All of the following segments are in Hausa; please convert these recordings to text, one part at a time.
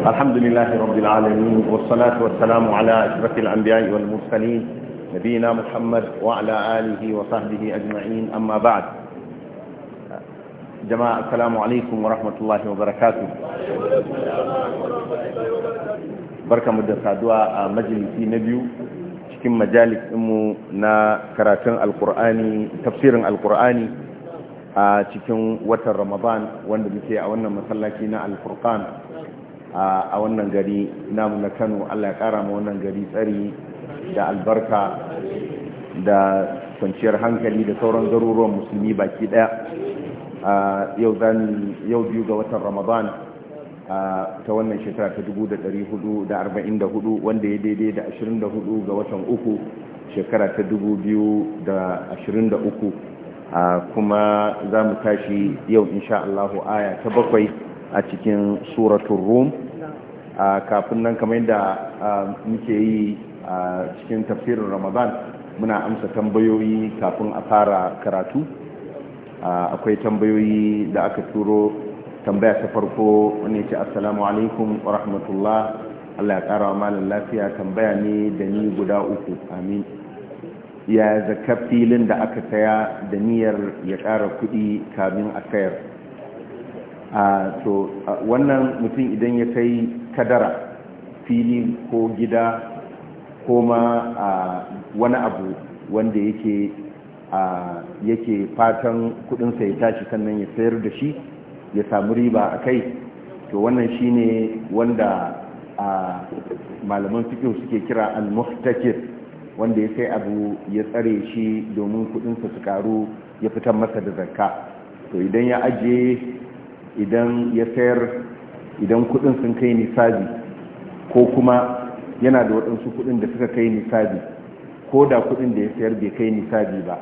الحمد لله رب العالمين والصلاة والسلام على أشرف الأنبياء والمرسلين نبينا محمد وعلى آله وصحبه أجمعين أما بعد جماعة السلام عليكم ورحمة الله وبركاته بركة مدرسة دعاء مجلس نبيو cikin majalis mu na karatun alkur'ani tafsirin alkur'ani a cikin watan ramadan wanda muke a wannan masallaci na alfurqan a wannan gari namu na kano allah ya kara ma wannan gari tsari da albarka da kwanciyar hankali da sauran garuruwan musulmi baki daya yau zan yau biyu ga watan ramadan ta wannan shekara ta 444 wanda ya daidai da 24 ga watan uku shekara ta 2023 kuma za mu tashi yau insha Allahu aya ta bakwai a cikin suratun rum kafin nan kamar yadda muke yi a cikin tafsirin ramadan muna amsa tambayoyi kafin a fara karatu akwai tambayoyi da aka turo tambaya ta farko wani ce assalamu alaikum wa rahmatullah allah ya kara wa malin lafiya tambaya ne da ni guda uku amin ya zaka filin da aka saya da niyyar ya ƙara kuɗi kamin a sayar a to wannan mutum idan ya kai kadara fili ko gida ko ma a wani abu wanda yake a yake fatan kudinsa ya tashi sannan ya sayar da shi ya samu riba a kai to wannan shine wanda a malaman fikihu suke kira al-muhtakir wanda ya sai abu ya tsare shi domin kudinsa su karu ya fitar masa da zakka to idan ya ajiye idan ya sayar idan kudin sun kai nisabi ko kuma yana da waɗansu kudin da suka kai nisabi ko da kudin da ya sayar bai kai nisabi ba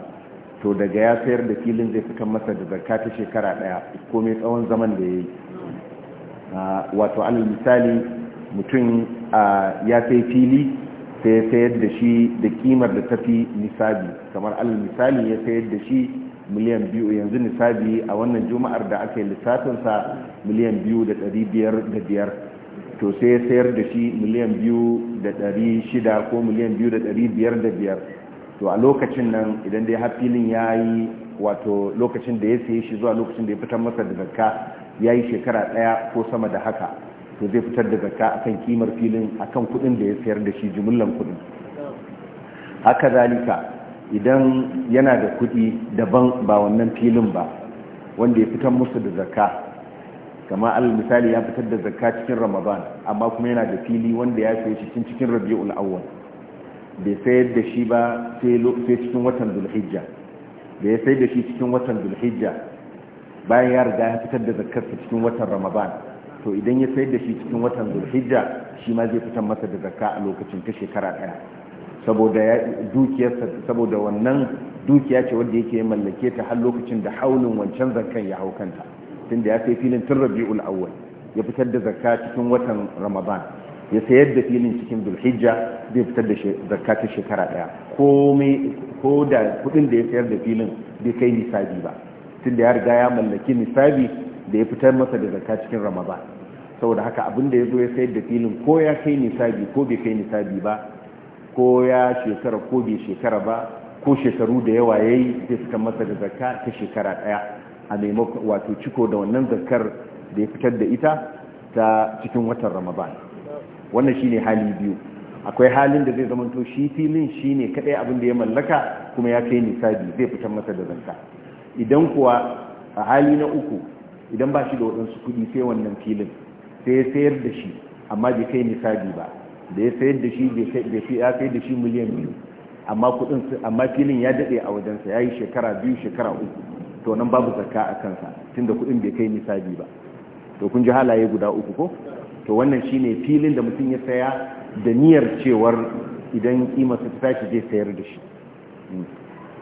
to daga ya sayar da filin zai fitan masa da zarka ta shekara ɗaya ko mai tsawon zaman da ya yi ah, wato alal misali mutum ah, ya sai fili sai ya sayar da shi da kimar da ta tafi nisabi kamar alal misali ya sayar da shi miliyan biyu yanzu nisabi a wannan juma'ar da aka yi lissafinsa miliyan biyu da ɗari biyar da biyar to sai ya sayar da shi miliyan biyu da ɗari shida ko miliyan biyu da ɗari biyar da biyar to a lokacin nan idan dai har filin ya yi wato lokacin da ya sayi shi zuwa lokacin da ya fitar masa da zakka ya yi shekara ɗaya ko sama da haka to zai fitar da a kan kimar filin akan kuɗin da ya sayar da shi jimillan kuɗin haka zalika idan yana da kudi daban ba wannan filin ba wanda ya fitar musu da zakka kama al misali ya fitar da zakka cikin ramadan amma kuma yana da fili wanda ya sayi cikin cikin rabi'ul awwal bai sayar da shi ba sai cikin watan zulhijja da ya sai da shi cikin watan zulhijja bayan ya riga ya fitar da zakkarsa cikin watan ramadan to idan ya sayar da shi cikin watan zulhijja shi ma zai fitar masa da zakka a lokacin ta shekara ɗaya saboda dukiyarsa saboda wannan dukiya ce wanda yake mallake ta har lokacin da haulin wancan zakkan ya hau kanta tunda ya sai filin tun rabi'ul awwal ya fitar da zakka cikin watan ramadan ya sayar da filin cikin zulhijja zai fitar da zakka ta shekara daya komai ko da kudin da ya sayar da filin bai kai nisabi ba tunda ya riga ya mallaki nisabi da ya fitar masa da zakka cikin ramadan saboda haka abin da ya zo ya sayar da filin ko ya kai nisabi ko bai kai nisabi ba ko ya shekara ko bai shekara ba ko shekaru da yawa ya yi zai suka masa da zakka ta shekara ɗaya a maimakon wato ciko da wannan zakkar da ya fitar da ita ta cikin watan ramadan wannan shine hali biyu akwai halin da zai zamanto shi filin shine ne kaɗai abin da ya mallaka kuma ya kai nisabi zai fitar masa da zanka idan kuwa a hali na uku idan ba shi da waɗansu kuɗi sai wannan filin sai ya sayar da shi amma bai kai nisabi ba da ya sayar da shi bai fi ya sayar da shi miliyan biyu amma kudin amma filin ya dade a wajensa ya yi shekara biyu shekara uku to nan babu zakka a kansa tunda kudin bai kai nisabi ba to kun ji halaye guda uku ko to wannan shine filin da mutum ya saya da niyyar cewar idan kimarsa ta tashi zai sayar da shi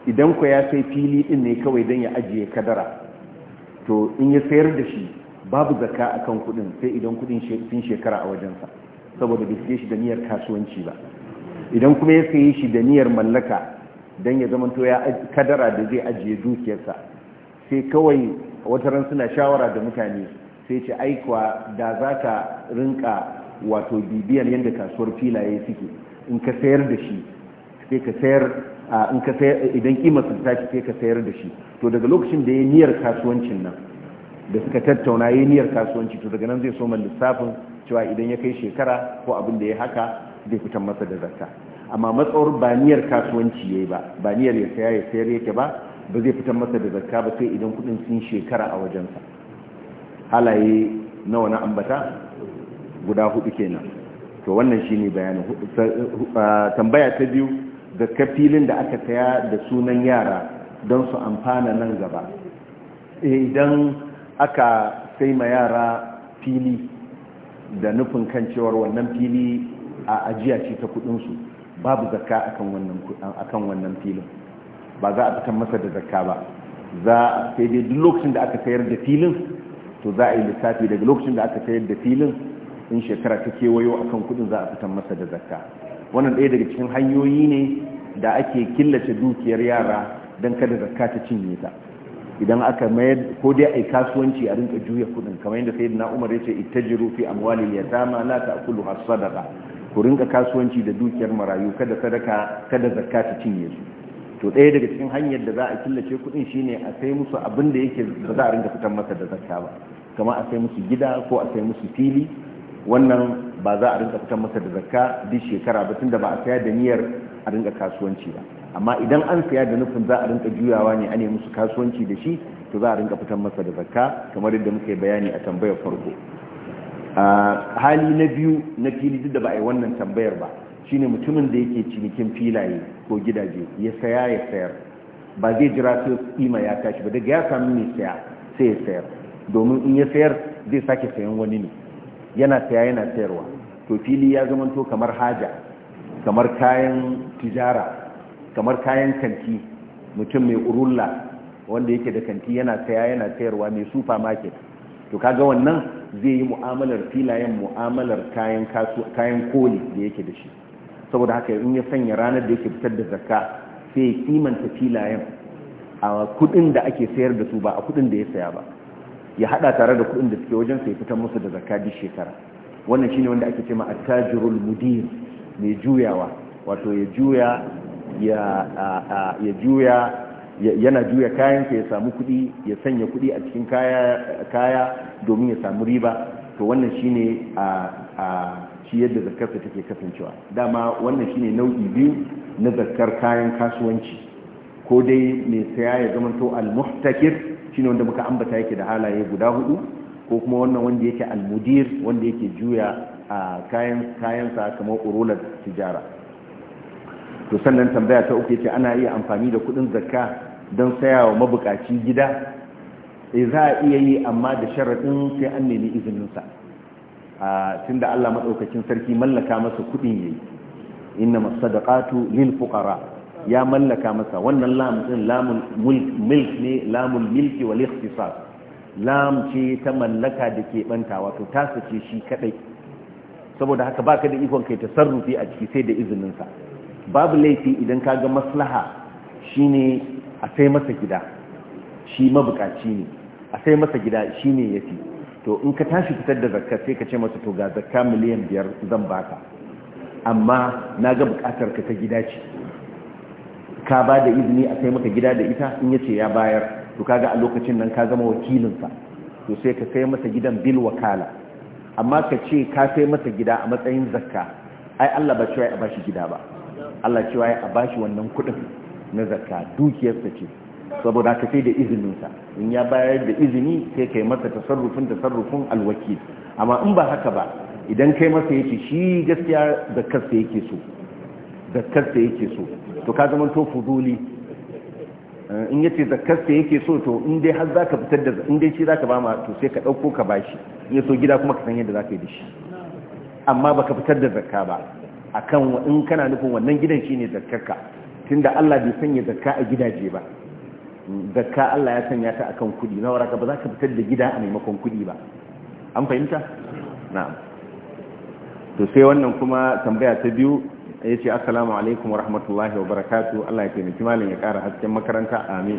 idan ku ya sai fili din ne kawai don ya ajiye kadara to in ya sayar da shi babu zakka akan kudin sai idan kudin sun shekara a wajensa saboda bai siye shi da niyyar kasuwanci ba idan kuma ya saye shi da niyyar mallaka don ya zama to ya kadara da zai ajiye dukiyarsa sai kawai wata ran suna shawara da mutane sai ce aikwa da za ka rinka wato bibiyar yadda kasuwar filaye suke in ka sayar da shi sai ka sayar in ka sayar idan kima sun tashi sai ka sayar da shi to daga lokacin da ya niyyar kasuwancin nan da suka tattauna ya niyyar kasuwanci to daga nan zai so lissafin cewa idan ya kai shekara ko abin da ya haka zai fitan masa da zakka amma matsawar ba kasuwanci yayi ba ba baniyar ya saya ya sayar yake ba ba zai fitan masa da zakka ba sai idan kudin sun shekara a wajensa halaye nawa na ambata guda hudu kenan to wannan shi ne bayanin tambaya ta biyu zakka filin da aka saya da sunan yara don su amfana nan gaba eh, idan aka sai ma yara fili da nufin kan cewar wannan fili a ajiya ce ta kudinsu babu zakka akan wannan filin ba za a fitan masa da zakka ba za sai dai duk lokacin da aka sayar da filin to za a yi lissafi daga lokacin da aka sayar da filin in shekara ta kewayo akan kudin za a fitan masa da zakka wannan ɗaya daga cikin hanyoyi ne da ake killace dukiyar yara don kada zakka ta cinye ta idan aka mayar ko dai ai kasuwanci a rinka juya kudin kamar yadda sayyidina Umar ce ittajiru fi amwalil yatama la ta'kulu as-sadaqa ku rinka kasuwanci da dukiyar marayu kada sadaka kada zakka ta cinye su to ɗaya daga cikin hanyar da za a killace kudin shine a sai musu abin da yake ba za a rinka fitar masa da zakka ba kamar a sai musu gida ko a sai musu fili wannan ba za a rinka fitar masa da zakka duk shekara ba tunda ba a sayar da niyyar a rinka kasuwanci ba amma idan an siya da nufin za a rinka juyawa ne a ne musu kasuwanci da shi to za a rinka fitar masa da zakka kamar yadda muka yi bayani a tambayar farko hali na biyu na fili duk da ba a yi wannan tambayar ba shi ne mutumin da yake cinikin filaye ko gidaje ya saya ya sayar ba zai jira sai kima ya tashi ba daga ya sami mai saya sai ya sayar domin in ya sayar zai sake sayan wani ne yana saya yana sayarwa to fili ya zama to kamar haja kamar kayan tijara kamar kayan kanti mutum mai urulla wanda yake da kanti yana saya yana sayarwa mai supermarket to kaga wannan zai yi mu'amalar filayen mu'amalar kayan kasu kayan koli da yake da shi saboda haka in ya sanya ranar da yake fitar da zakka sai ya kimanta filayen a kudin da ake sayar da su ba a kudin da ya saya ba ya hada tare da kudin da suke wajen sai fitar musu da zakka duk shekara wannan shine wanda ake cewa attajirul mudir mai juyawa wato ya juya ya juya yana juya kayansa ya samu kuɗi ya sanya kuɗi a cikin kaya domin ya samu riba to wannan ne a shi yadda zakarsa take kasancewa dama wannan shi ne nau'i biyu na zarkar kayan kasuwanci ko dai mai saya ya zama to al-muhtakir ne wanda muka ambata yake da halaye guda hudu ko kuma wannan wanda yake al-mudir wanda yake juya a kayan kayansa kamar urular tijara to sannan tambaya ta uku ce ana iya amfani da kudin zakka don sayawa mabukaci gida eh za a iya yi amma da sharadin sai an nemi izinin sa a tunda Allah madaukakin sarki mallaka masa kudin yayi inna masadaqatu lil fuqara ya mallaka masa wannan lam din lamul milk ne lamul milki wal ikhtisas lam ce ta mallaka da ke banta wato tasace shi kadai saboda haka baka da ikon kai tasarrufi a ciki sai da izinin sa babu laifi idan kaga maslaha shine a sai masa gida shi mabukaci ne a sai masa gida shine yafi to in ka tashi fitar da zakka sai ka ce masa to ga zakka miliyan biyar zan baka amma na ga bukatar ka ta gida ce ka ba da izini a sai maka gida da ita in yace ya bayar to kaga a lokacin nan ka zama wakilinsa to sai ka sai masa gidan bil wakala amma ka ce ka sai masa gida a matsayin zakka ai Allah ba cewa ya bashi gida ba Allah cewa ya a bashi wannan kuɗin na zakka dukiyarsa ce saboda ka sai da izininsa in ya bayar da izini sai kai masa tasarrufin tasarrufin alwakil amma in ba haka ba idan kai masa yake shi gaskiya zakkarsa yake so zakkarsa yake so to ka zama to fuduli eh, in yace zakkarsa yake so to in dai har zaka fitar da in dai shi zaka ba ma to sai ka dauko ka bashi in ya so gida kuma ka san yadda zaka yi da shi amma baka fitar da zakka ba akan in kana nufin wannan gidan shine zakkarka tunda Allah bai sanya zakka a gidaje ba zakka Allah ya sanya ta akan kudi na waraka ba za ka fitar da gida a maimakon kudi ba an fahimta na'am to sai wannan kuma tambaya ta biyu ya ce assalamu alaikum warahmatullahi wabarakatuh Allah ya taimaki malam ya kara hasken makaranta amin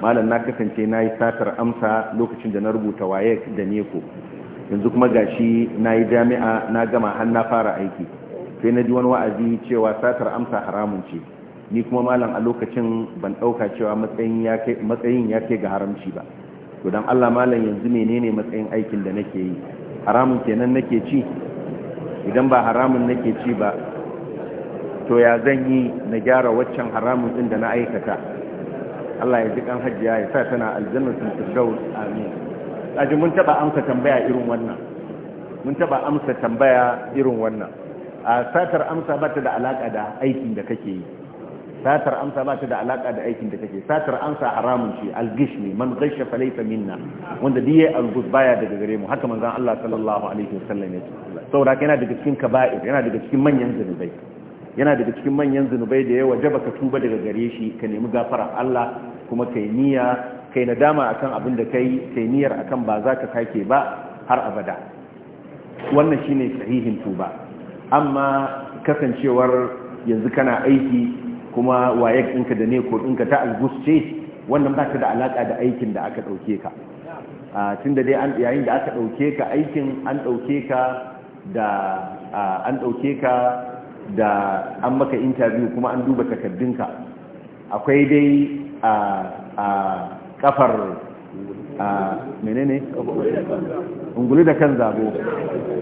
malam na kasance na yi satar amsa lokacin da na rubuta waye da neko yanzu kuma gashi na yi jami'a na gama har na fara aiki sai na ji wani wa'azi cewa satar amsa haramun ce ni kuma malam a lokacin ban ɗauka cewa matsayin ya kai ga haramci ba to don allah malam yanzu menene matsayin aikin da nake yi haramun kenan nake ci idan ba haramun nake ci ba to ya zan yi na gyara waccan haramun din da na aikata allah ya ji kan hajjiya ya sa tana aljannatin firdaus amin aji mun taɓa amsa tambaya irin wannan mun taɓa amsa tambaya irin wannan a satar amsa ba ta da alaƙa da aikin da kake yi satar amsa ba ta da alaƙa da aikin da kake satar amsa haramun shi algish ne man gaishe falaita minna wanda diye algus baya daga gare mu haka manzon Allah sallallahu alaihi wasallam ya ce saboda yana daga cikin kaba'ir yana daga cikin manyan zanubai yana daga cikin manyan zunubai da ya wajaba ka tuba daga gare shi ka nemi gafara Allah kuma kai niyya kai nadama akan abin da kai kai niyyar akan ba za ka sake ba har abada wannan shine sahihin tuba amma kasancewar yanzu kana aiki kuma waye ɗinka da ne ko ɗinka ta albus ce wannan ba ta da alaƙa da aikin da aka ɗauke ka tun da dai yayin da aka ɗauke ka aikin an ɗauke ka da an ɗauke ka da an maka intabiyu kuma an duba takardunka akwai dai a kafar menene ungulu da kan zabo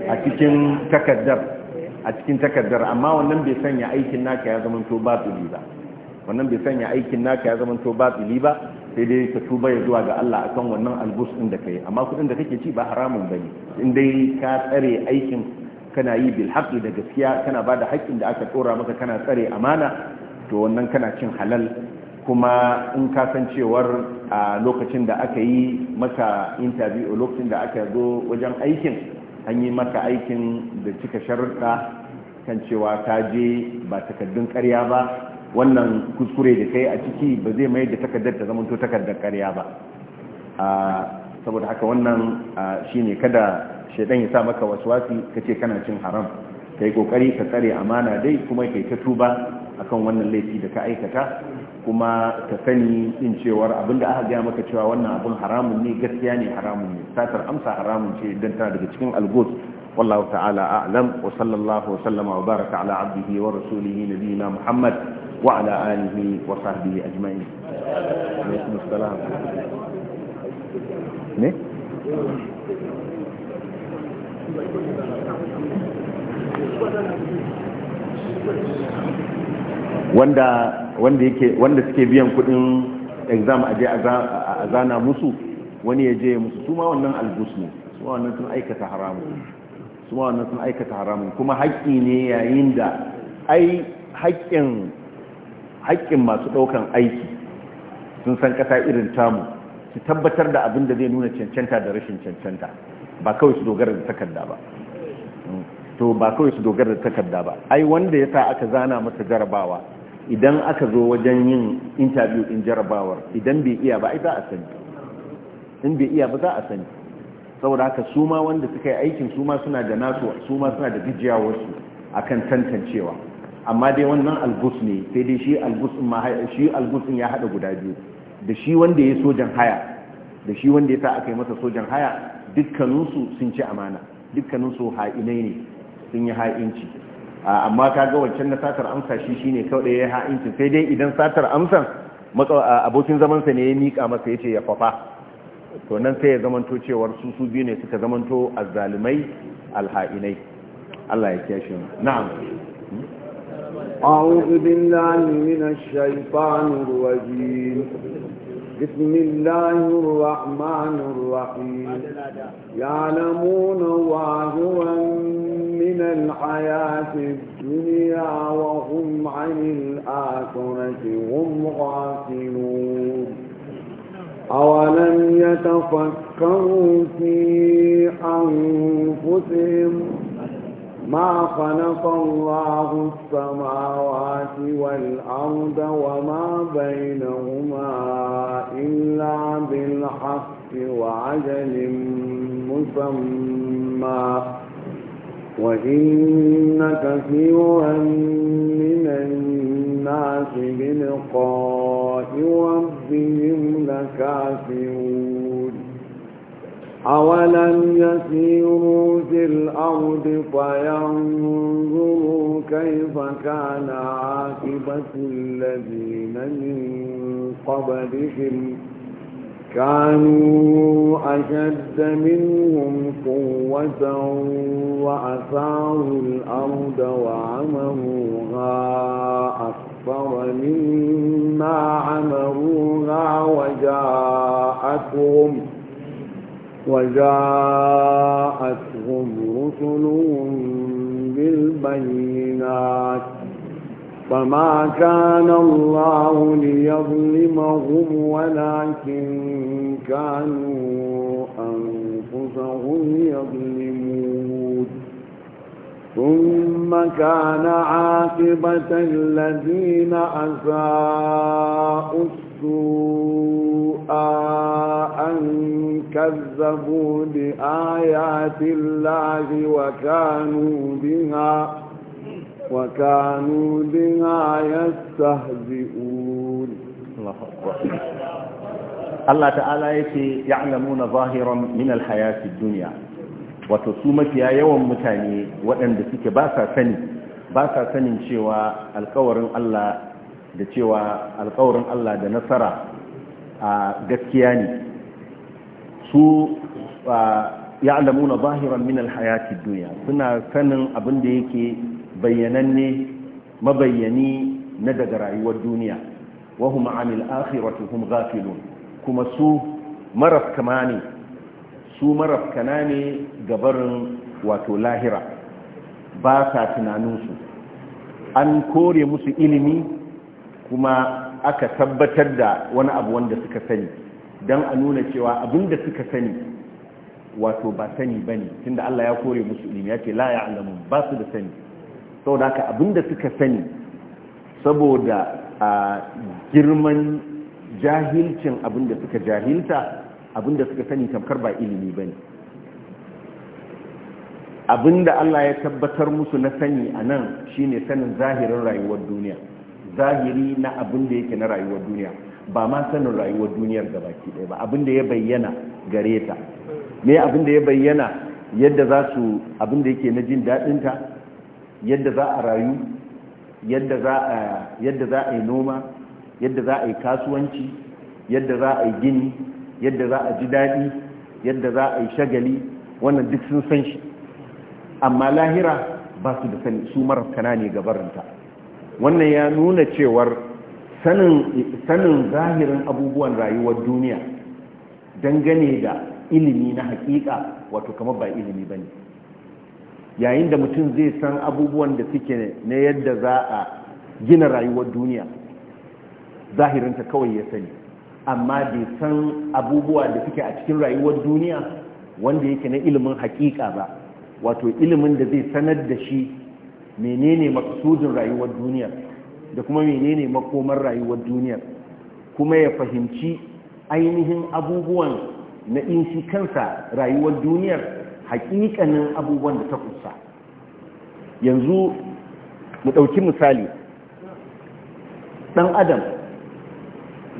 a cikin takardar a cikin takardar amma wannan bai sanya aikin naka ya zama to batili ba wannan bai sanya aikin naka ya zama to batili ba sai dai ka tuba ya zuwa ga Allah akan wannan albus din da kai amma kudin da kake ci ba haramun bane in dai ka tsare aikin kana yi bil haqqi da gaskiya kana bada haƙƙin da aka tsora maka kana tsare amana to wannan kana cin halal kuma in ka san cewar a lokacin da aka yi maka interview lokacin da aka zo wajen aikin an yi maka aikin da cika sharuɗa kan cewa ta je ba takardun karya ba wannan kuskure da kai a ciki ba zai mai da takardar ta zamanto takardar karya ba saboda haka wannan shi ne kada shaidan ya sa maka wasu wasu ka ce kana cin haram ka yi ƙoƙari ka tsare amana dai kuma kai ta tuba akan wannan laifi da ka aikata kuma ka sani in cewar abinda aka gaya maka cewa wannan abin haramun ne gaskiya ne haramun ne satar amsa haramun ce idan tana daga cikin algos wallahu ta'ala a'lam wa sallallahu wa sallama wa baraka ala abdihi wa rasulihi nabiyina muhammad wa ala alihi wa sahbihi ajma'in ne wanda wanda yake wanda suke biyan kudin exam a je a zana musu wani ya je musu su ma wannan albus ne su ma wannan sun aikata haramun su ma wannan sun aikata haramun kuma haƙƙi ne yayin da ai haƙƙin haƙƙin masu ɗaukan aiki sun san ƙasa irin tamu su tabbatar da abin da zai nuna cancanta da rashin cancanta ba kawai su dogara da takarda ba hmm. to ba kawai su dogara da takarda ba ai wanda ya sa aka zana masa jarabawa idan aka zo wajen yin interview in jarabawar idan bai iya ba za a sani in bai iya ba za a sani saboda haka su ma wanda suka yi aikin su ma suna da nasu su ma suna da a akan tantancewa amma dai wannan albus ne sai dai shi albus ma shi albus ya hada guda biyu da shi wanda ya sojan haya da shi wanda ya sa aka yi masa sojan haya dukkaninsu sun ci amana dukkaninsu ha'inai ne sun yi ha'inci amma ga wancan na satar amsa shi shi ne kawai ya ha'incin sai dai idan satar amsan abokin zamansa ne ya mika masa yace ya fafa to nan sai ya zamanto cewar su su biyu ne suka zamanto azzalumai alha'inai Allah ya kyashe mu na'am أعوذ بالله من الشيطان الرجيم بسم الله الرحمن الرحيم يعلمون ظاهرا من الحياة الدنيا وهم عن الآخرة هم غافلون أولم يتفكروا في أنفسهم ما خلق الله السماوات والأرض وما بينهما إلا بالحق وعجل مسمى وإن كثيرا من الناس بلقاء ربهم لكافرون أولم يسيروا في الأرض فينظروا كيف كان عاقبة الذين من قبلهم كانوا أشد منهم قوة وأثاروا الأرض وعمروها أكثر مما عمروها وجاءتهم ۖ وجاءتهم رسلهم بالبينات فما كان الله ليظلمهم ولكن كانوا أنفسهم يظلمون ثم كان عاقبة الذين أساءوا السوء أن كذبوا بآيات الله وكانوا بها وكانوا بها يستهزئون الله أكبر Allah ta'ala ya ce ya zahiran min alhayati duniya wato su mafiya yawan mutane waɗanda suke ba sani sanin cewa Allah da cewa alkawarin Allah da nasara a gaskiya ne su ya na zahiran minal hayatin duniya suna sanin abin da yake bayyananne mabayyani na daga rayuwar duniya wahum amil 'anil akhirati hum ghafilun kuma su marafkana ne su marafkana ne gabarin wato lahira ba sa su an kore musu ilimi kuma aka tabbatar da wani abu wanda suka sani don a nuna cewa abinda suka sani wato ba sani ba ne tunda Allah ya kore musu ilimi ya ce la ya alamu ba su da sani saboda haka abinda suka sani saboda a girman jahilcin abinda suka jahilta abinda suka sani tamkar ba ilimi ba ne abinda Allah ya tabbatar musu na sani a nan shine sanin zahirin rayuwar duniya zahiri na abinda yake na rayuwar duniya ba ma sanin rayuwar duniyar gabaki ɗaya ba abin da ya bayyana gare ta me abin da ya bayyana yadda za su abin da yake na jin daɗinta yadda za a rayu yadda za a yi noma yadda za a yi kasuwanci yadda za a yi gini yadda za a ji daɗi yadda za a yi shagali wannan duk sun san shi amma lahira ba su da sani su marar ne gabarinta wannan ya nuna cewar sanin zahirin abubuwan rayuwar duniya dangane da ilimi na hakika wato kamar ba ilimi ba ne yayin da mutum zai san abubuwan da suke na yadda za a gina rayuwar duniya zahirinta kawai ya sani amma bai san abubuwa da suke a cikin rayuwar duniya wanda yake na ilimin hakika ba wato ilimin da zai sanar da shi menene maksudin rayuwar duniya da kuma menene makomar rayuwar duniyar kuma ya fahimci ainihin abubuwan na inshi kansa rayuwar duniyar hakikanin abubuwan da ta kusa yanzu mu ɗauki misali ɗan adam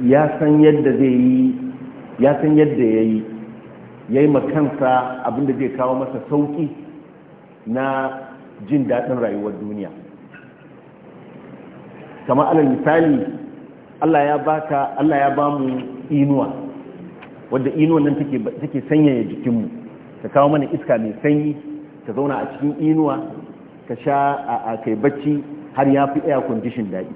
ya san yadda zai yi ya san yadda ya yi ya yi makansa abinda zai kawo masa sauƙi na jin daɗin rayuwar duniya kamar alal misali Allah ya baka Allah ya bamu inuwa wanda inuwan nan take take sanyaya jikinmu ka kawo mana iska mai sanyi ka zauna a cikin inuwa ka sha a kai bacci har ya fi air condition daɗi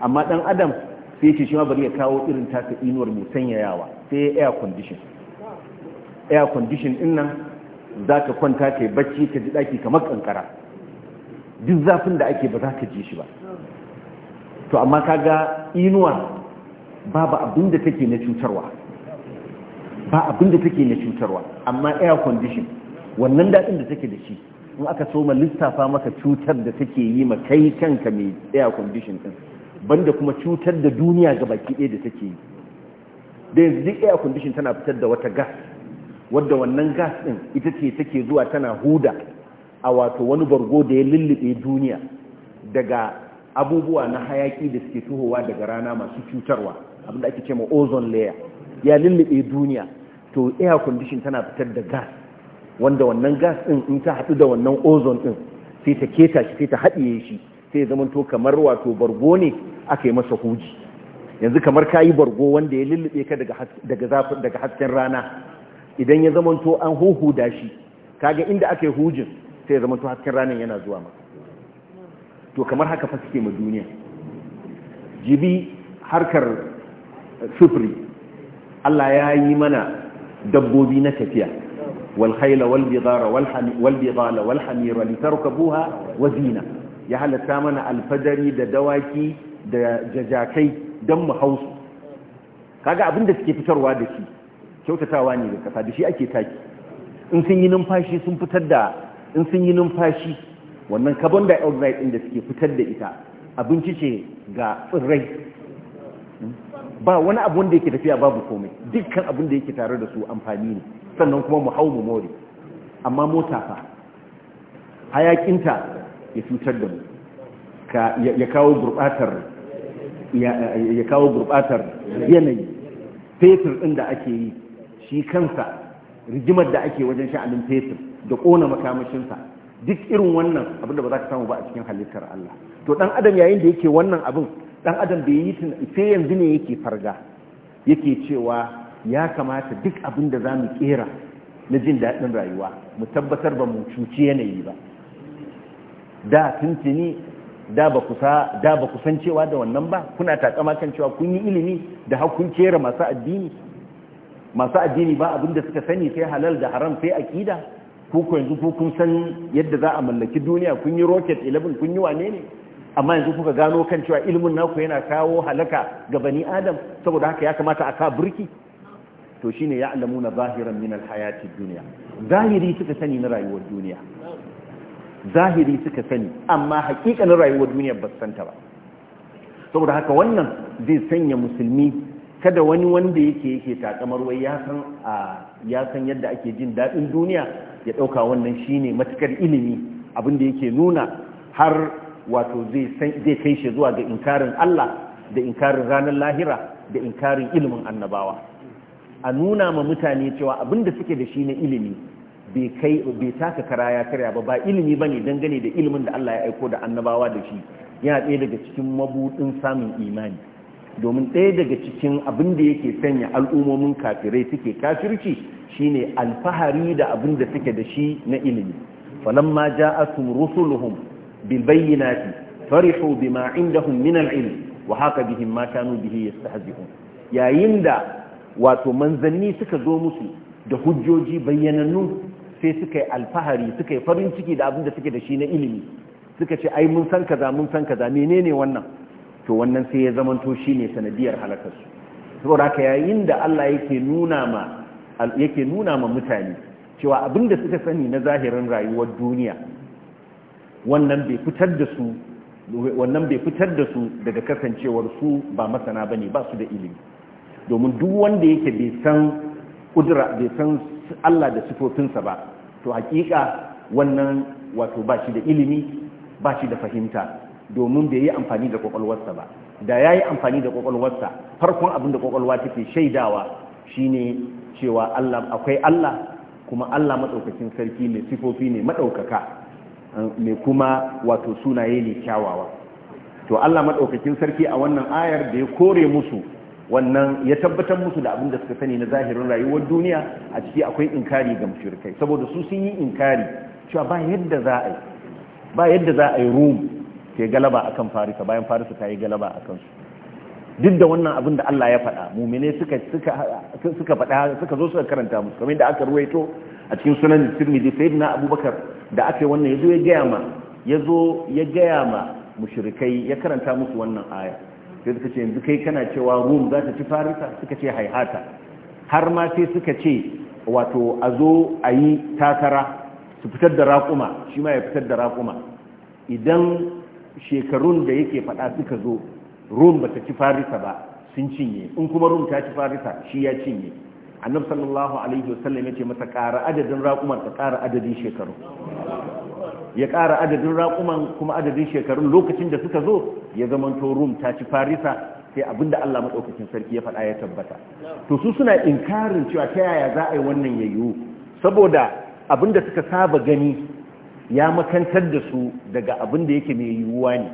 amma dan adam sai ce shi ma bari ya kawo irin taka inuwar mai sanyayawa sai ya air condition air condition din nan za kwanta kai bacci ka ji daki kamar kankara duk zafin da ake ba za ka ji shi ba to amma kaga inuwa babu abin da take na cutarwa ba abin da take na cutarwa amma air condition wannan daɗin da take da shi in aka soma lissafa maka cutar da take yi ma kai kanka mai air condition din banda kuma cutar da duniya ga baki ɗaya da take yi da yanzu duk air condition tana fitar da wata gas wadda wannan gas ɗin ita ce take zuwa tana huda a wato wani bargo da ya lullube duniya daga abubuwa na hayaki da suke tuhowa daga rana masu cutarwa abinda ake ce ma ozone layer ya lullube duniya to air condition tana fitar da gas wanda wannan gas din in ta haɗu da wannan ozone din sai ta keta shi sai ta haɗiye shi sai ya zama to kamar wato bargo ne aka yi masa huji yanzu kamar kayi bargo wanda ya lullube ka daga hasken rana idan ya zama to an da shi kaga inda aka hujin sai ya zama to hasken ranar yana zuwa maka to kamar haka fa suke ma duniya jibi harkar eh, sufuri Allah ya yi mana dabbobi na tafiya walhaila walbidara walhamira litarkabuha wa zina ya halatta mana alfadari da dawaki da jajakai don mu hausu kaga abin da suke fitarwa da shi kyautatawa ne da kasa da shi ake taki in sun yi numfashi sun fitar da in sun yi numfashi wannan carbon dioxide ɗin da suke fitar da ita abinci ce ga tsirrai ba wani abu wanda yake tafiya babu komai dukkan abin da yake tare da su amfani ne sannan kuma mu hau mu more amma mota fa hayakinta ya cutar da mu ya kawo gurbatar ya kawo gurbatar yanayi fetur ɗin da ake yi shi kansa rigimar da ake wajen sha'anin fetur da ƙona makamashinsa duk irin wannan abin da ba za ka samu ba a cikin halittar Allah to dan adam yayin da yake wannan abin dan adam bai yi sai yanzu ne yake farga yake cewa ya kamata duk abin da za mu kera na jin daɗin rayuwa mu tabbatar ba mu cuci yanayi ba da tuntuni da ba kusa da ba kusan cewa da wannan ba kuna takama kan cewa kun yi ilimi da hakun kera masu addini masu addini ba abinda suka sani sai halal da haram sai akida ku yanzu ku kun san yadda za a mallaki duniya kun yi rocket 11 kun yi wane ne amma yanzu kuka gano kan cewa ilimin naku yana kawo halaka ga bani adam saboda haka ya kamata a ka burki to shine ya na zahiran min alhayati duniya zahiri suka sani na rayuwar duniya zahiri suka sani amma hakika na rayuwar duniya ba santa ba saboda haka wannan zai sanya musulmi kada wani wanda yake yake takamar wai ya san a ya san yadda ake jin daɗin duniya ya ɗauka wannan shi ne matuƙar ilimi abin da yake nuna har wato zai kai shi zuwa ga inkarin Allah da inkarin ranar lahira da inkarin ilimin annabawa a nuna ma mutane cewa abin da suke da shi na ilimi bai taka kara ya karya ba ba ilimi ba ne dangane da ilimin da Allah ya aiko da annabawa da shi yana ɗaya daga cikin mabuɗin samun imani domin ɗaya daga cikin abin da yake sanya al'ummomin kafirai suke kafirci shine alfahari da abin da suke da shi na ilimi falamma ja'atum rusuluhum bil bayyinati farihu bima indahum min al ilm wa haka bihim ma kanu bihi yastahzi'un yayin da wato manzanni suka zo musu da hujjoji bayyanannu sai suka yi alfahari suka yi farin ciki da abin da suke da shi na ilimi suka ce ai mun san kaza mun san kaza menene wannan to wannan sai ya zamanto ne sanadiyar halakarsu saboda haka yayin da Allah yake nuna ma yake nuna ma mutane cewa abinda suka sani na zahirin rayuwar duniya wannan bai fitar da su daga kasancewar su ba masana bane ba su da ilimi domin duk wanda yake bai san kudura bai san Allah da sifofinsa ba to hakika wannan wato ba shi da ilimi ba shi da fahimta domin bai yi amfani da kwakwalwarsa ba da ya yi amfani da kwakwalwarsa farkon abin da kwakwalwa take shaidawa shine cewa Allah akwai Allah kuma Allah maɗaukacin sarki mai sifofi ne maɗaukaka eh, mai kuma wato sunaye ne kyawawa to Allah maɗaukacin sarki a wannan ayar da ya kore musu wannan ya tabbatar musu da abin da suka sani na zahirin rayuwar duniya a ciki akwai inkari ga mushrikai saboda su sun yi inkari cewa ba yadda za a yi ba yadda za a yi rum ke galaba a kan farisa bayan farisa ta yi galaba a kansu duk da wannan abin da Allah ya faɗa mumine suka suka suka faɗa suka zo suka karanta musu kamar da aka ruwaito a cikin sunan Tirmidhi na Abubakar da aka yi wannan zo ya gaya ma ya zo ya gaya ma mushrikai ya karanta musu wannan aya sai suka ce yanzu kai kana cewa Rum za ta ci Farisa suka ce haihata har ma sai suka ce wato a zo a yi takara su fitar da raƙuma shi ma ya fitar da raƙuma idan shekarun da yake faɗa suka zo rum bata ci farisa ba sun cinye in kuma rum ta ci farisa shi ya cinye annabi sallallahu alaihi wasallam yace masa ƙara adadin raƙuman ta ƙara adadin shekarun ya ƙara adadin raƙuman kuma adadin shekarun lokacin da suka zo ya to rum ta ci farisa sai abinda Allah maɗaukacin sarki ya faɗa ya tabbata to su suna inkarin cewa ta yaya za a yi wannan ya yiwu saboda da suka saba gani ya makantar da su daga abin da yake mai yiwuwa ne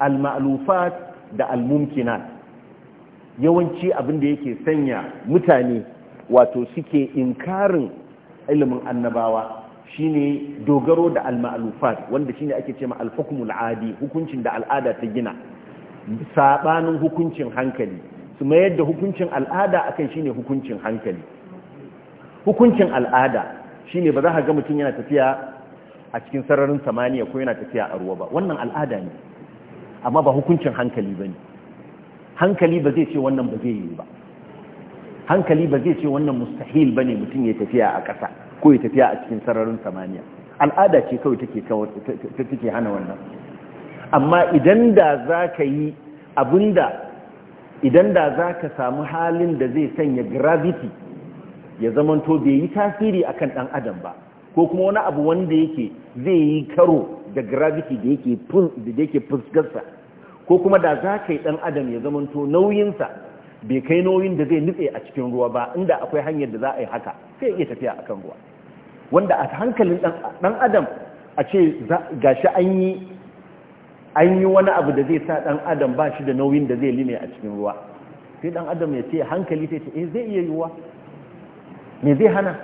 al-ma'lufat da al-mumkinat yawanci abin da yake sanya mutane wato suke inkarin ilimin annabawa shine dogaro da al-ma'lufat wanda shine ake cewa al al adi hukuncin da al'ada ta gina sabanin hukuncin hankali su mayar da hukuncin al'ada akan shine hukuncin hankali hukuncin al'ada shine ba za ka ga mutum yana tafiya a cikin sararin samaniya ko yana tafiya a ruwa ba wannan al'ada ne amma ba hukuncin hankali ba ne hankali ba zai ce wannan ba zai yi ba hankali ba zai ce wannan mustahil ba ne mutum ya tafiya a ƙasa ko ya tafiya a cikin sararin samaniya al'ada ce kawai take hana wannan amma idan da za ka yi abin da idan da za ka samu halin da zai sanya gravity ya zamanto bai yi tasiri a kan ɗan adam ba ko kuma wani abu wanda yake zai yi karo da gravity da yake da yake fuskarsa ko kuma da za ka yi dan adam ya zamanto nauyinsa bai kai nauyin da zai nutse a cikin ruwa ba inda akwai hanyar da za a yi haka sai iya tafiya kan ruwa wanda a hankalin dan adam a ce gashi an yi an yi wani abu da zai sa dan adam ba shi da nauyin da zai lime a cikin ruwa sai dan adam ya ce hankali sai ce eh zai iya yiwuwa me zai hana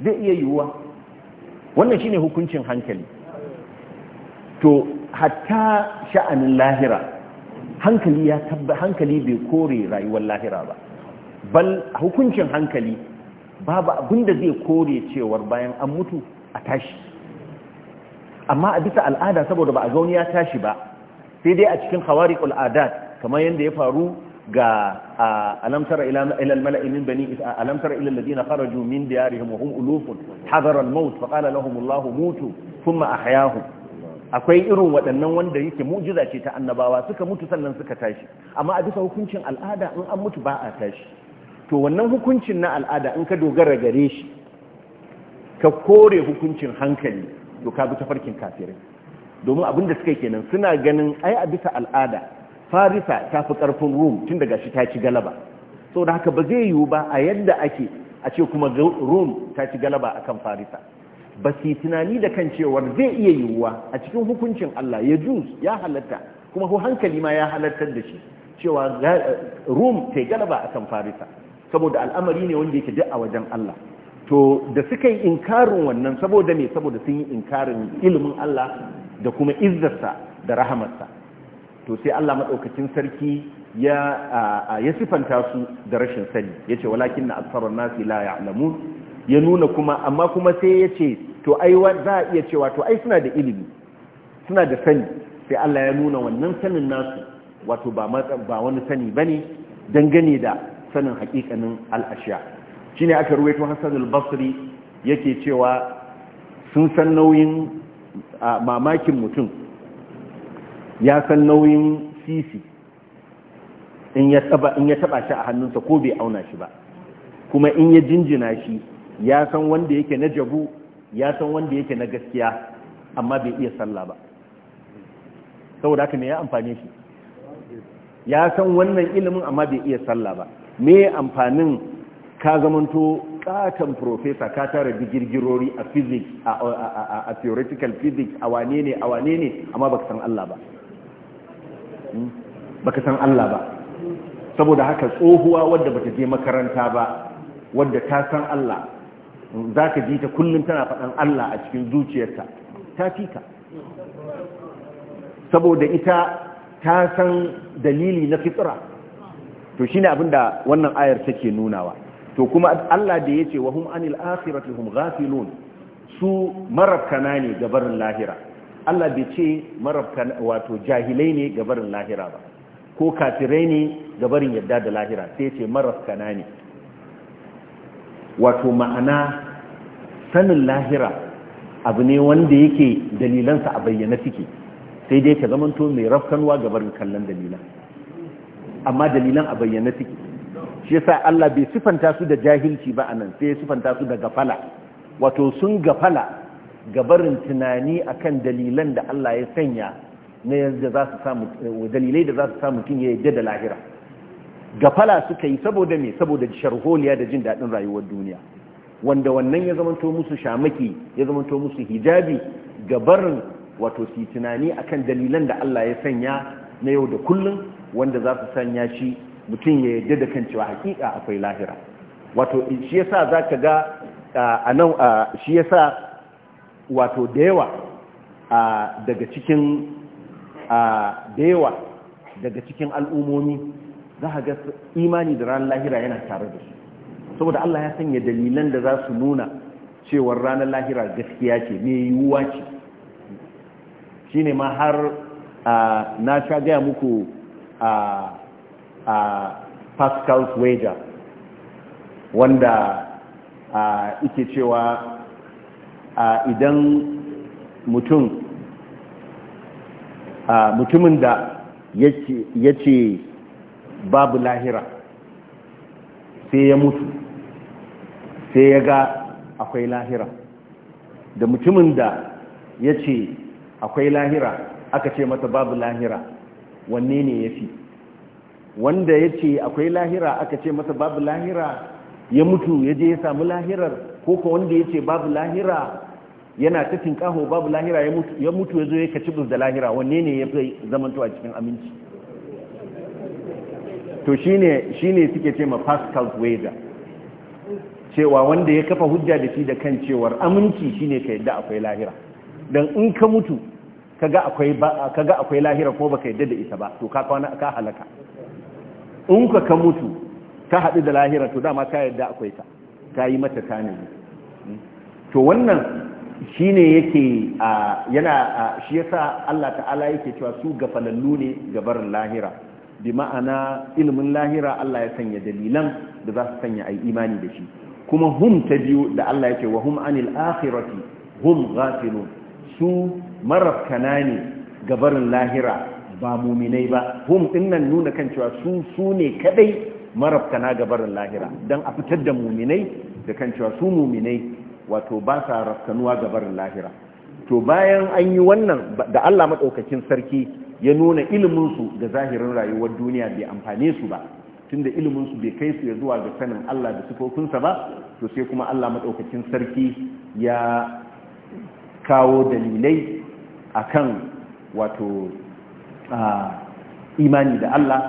zai iya yiwuwa wannan shine hukuncin hankali to hatta sha'anin lahira hankali ya tabba hankali bai kore rayuwar lahira ba bal hukuncin hankali babu abinda zai kore cewar bayan an mutu a tashi amma a bisa al'ada saboda ba a zaune ya tashi ba sai dai a cikin khawariqul adat kamar yadda ya faru ga alamtar ilal mala'i min bani alamtar ila alladhina kharaju min diyarihim wa hum ulufun hadara al-maut fa qala lahum Allah mutu thumma akwai irin waɗannan wanda yake mu'jiza ce ta annabawa suka mutu sannan suka tashi amma a bisa hukuncin al'ada in an mutu ba a tashi to wannan hukuncin na al'ada in ka dogara gare shi ka kore hukuncin hankali to ka bi tafarkin kafirai domin abin da suka kenan suna ganin ai a bisa al'ada farisa ta fi ƙarfin rum tun daga shi ta ci galaba so da haka ba zai yiwu ba a yadda ake a ce kuma rum ta ci galaba a kan farisa ba su tunani da kan cewar zai iya yiwuwa a cikin hukuncin allah ya ju ya halatta kuma ko hankali ma ya halattar da shi cewa rum ta galaba a kan farisa saboda al'amari ne wanda yake duk a wajen allah to da suka yi inkarin wannan saboda ne saboda sun yi inkarin ilimin allah da kuma izzarsa da rahamarsa to sai Allah madaukakin sarki ya ya sifanta su da rashin sani yace walakin na asfarar nasi la ya'lamun ya nuna kuma amma kuma sai yace to ai za a iya cewa to ai suna da ilimi suna da sani sai Allah ya nuna wannan sanin nasu wato ba ba wani sani bane dangane da sanin hakikanin al'ashiya shine aka ruwaito Hassan al-Basri yake cewa sun san nauyin mamakin mutum ya san nauyin sisi in ya taba shi a hannunsa ko bai auna shi ba kuma in ya jinjina shi ya san wanda yake na jabu ya san wanda yake na gaskiya amma bai iya sallah ba saboda haka me ya amfane shi ya san wannan ilimin amma bai iya sallah ba me amfanin ka zamanto katon profesa ka tara digirgirori a physics a theoretical physics a wane ne a wane ne amma baka san Allah ba baka san Allah ba saboda haka tsohuwa wadda bata je makaranta ba wadda ta san Allah za ka ji ta kullum tana faɗan Allah a cikin zuciyarta ta fi ka saboda ita ta san dalili na fitsira to shi ne abinda wannan ayar take nunawa to kuma Allah da ya ce wa hum anil akhiratihum ghafilun su marakkana ne gabarin lahira Allah bai ce marabta wato jahilai ne ga barin lahira ba ko kafirai ne ga barin yadda da lahira sai ce na ne wato ma'ana sanin lahira abu ne wanda yake dalilansa a bayyana suke sai dai ka zamanto mai rafkanwa ga barin kallon dalilan amma dalilan a bayyana suke shi yasa Allah bai sifanta su da jahilci ba anan sai ya sifanta su da gafala wato sun gafala gabarin tunani akan dalilan da Allah ya sanya na yadda za su samu dalilai da za su samu mutum ya yadda da lahira gafala suka yi saboda me saboda sharholiya da jin daɗin rayuwar duniya wanda wannan ya zamanto musu shamaki ya zamanto musu hijabi gabarin wato su tunani akan dalilan da Allah ya sanya na yau da kullum wanda za su sanya shi mutum ya yadda da kan cewa hakika akwai lahira wato shi yasa zaka ga a nan shi yasa wato da yawa daga cikin da yawa daga cikin al'umomi za ka ga imani da ranar lahira yana tare da su saboda Allah ya sanya dalilan da za su nuna cewar ranar lahira gaskiya ce mai yiwuwa ce shi ne ma har na sha gaya muku pascal's wager wanda ike cewa A idan mutum mutumin da ya ce babu lahira sai ya mutu sai ya ga akwai lahira da mutumin da ya ce akwai lahira aka ce mata babu lahira wanne ne ya fi wanda ya ce akwai lahira aka ce masa babu lahira ya mutu ya je ya samu lahirar ko wanda ya ce babu lahira yana ta kaho babu lahira ya mutu ya zo ya kaci da lahira wanne ne ya fi zamanto a cikin aminci to shi ne suke ce ma pascal wager cewa wanda ya kafa hujja da shi da kan cewar aminci shine ka yadda akwai lahira don in ka mutu kaga akwai lahira ko baka yadda da ita ba to ka kwana ka halaka in ka ka mutu ka haɗu da lahira to dama ka yadda akwai ta ka yi mata tanin hmm? to wannan shine yake yana shi yasa Allah ta'ala yake cewa su ga falallu ne gabar lahira bi ma'ana ilimin lahira Allah ya sanya dalilan da za su sanya ai imani da shi kuma hum ta biyu da Allah yake wa hum anil akhirati hum ghafilun su marafkana ne gabarin lahira ba muminai ba hum dinnan nuna kan cewa su su ne kadai marafkana gabarin lahira dan a fitar da muminai da kan cewa su muminai wato ba sa raskanuwa ga barin lahira to bayan an yi wannan da Allah madaukakin sarki ya nuna iliminsu su ga zahirin rayuwar duniya bai amfane su ba tunda ilimin su bai kai su ya zuwa ga sanin Allah da sifofinsa ba to sai kuma Allah madaukakin sarki ya kawo dalilai akan wato imani da Allah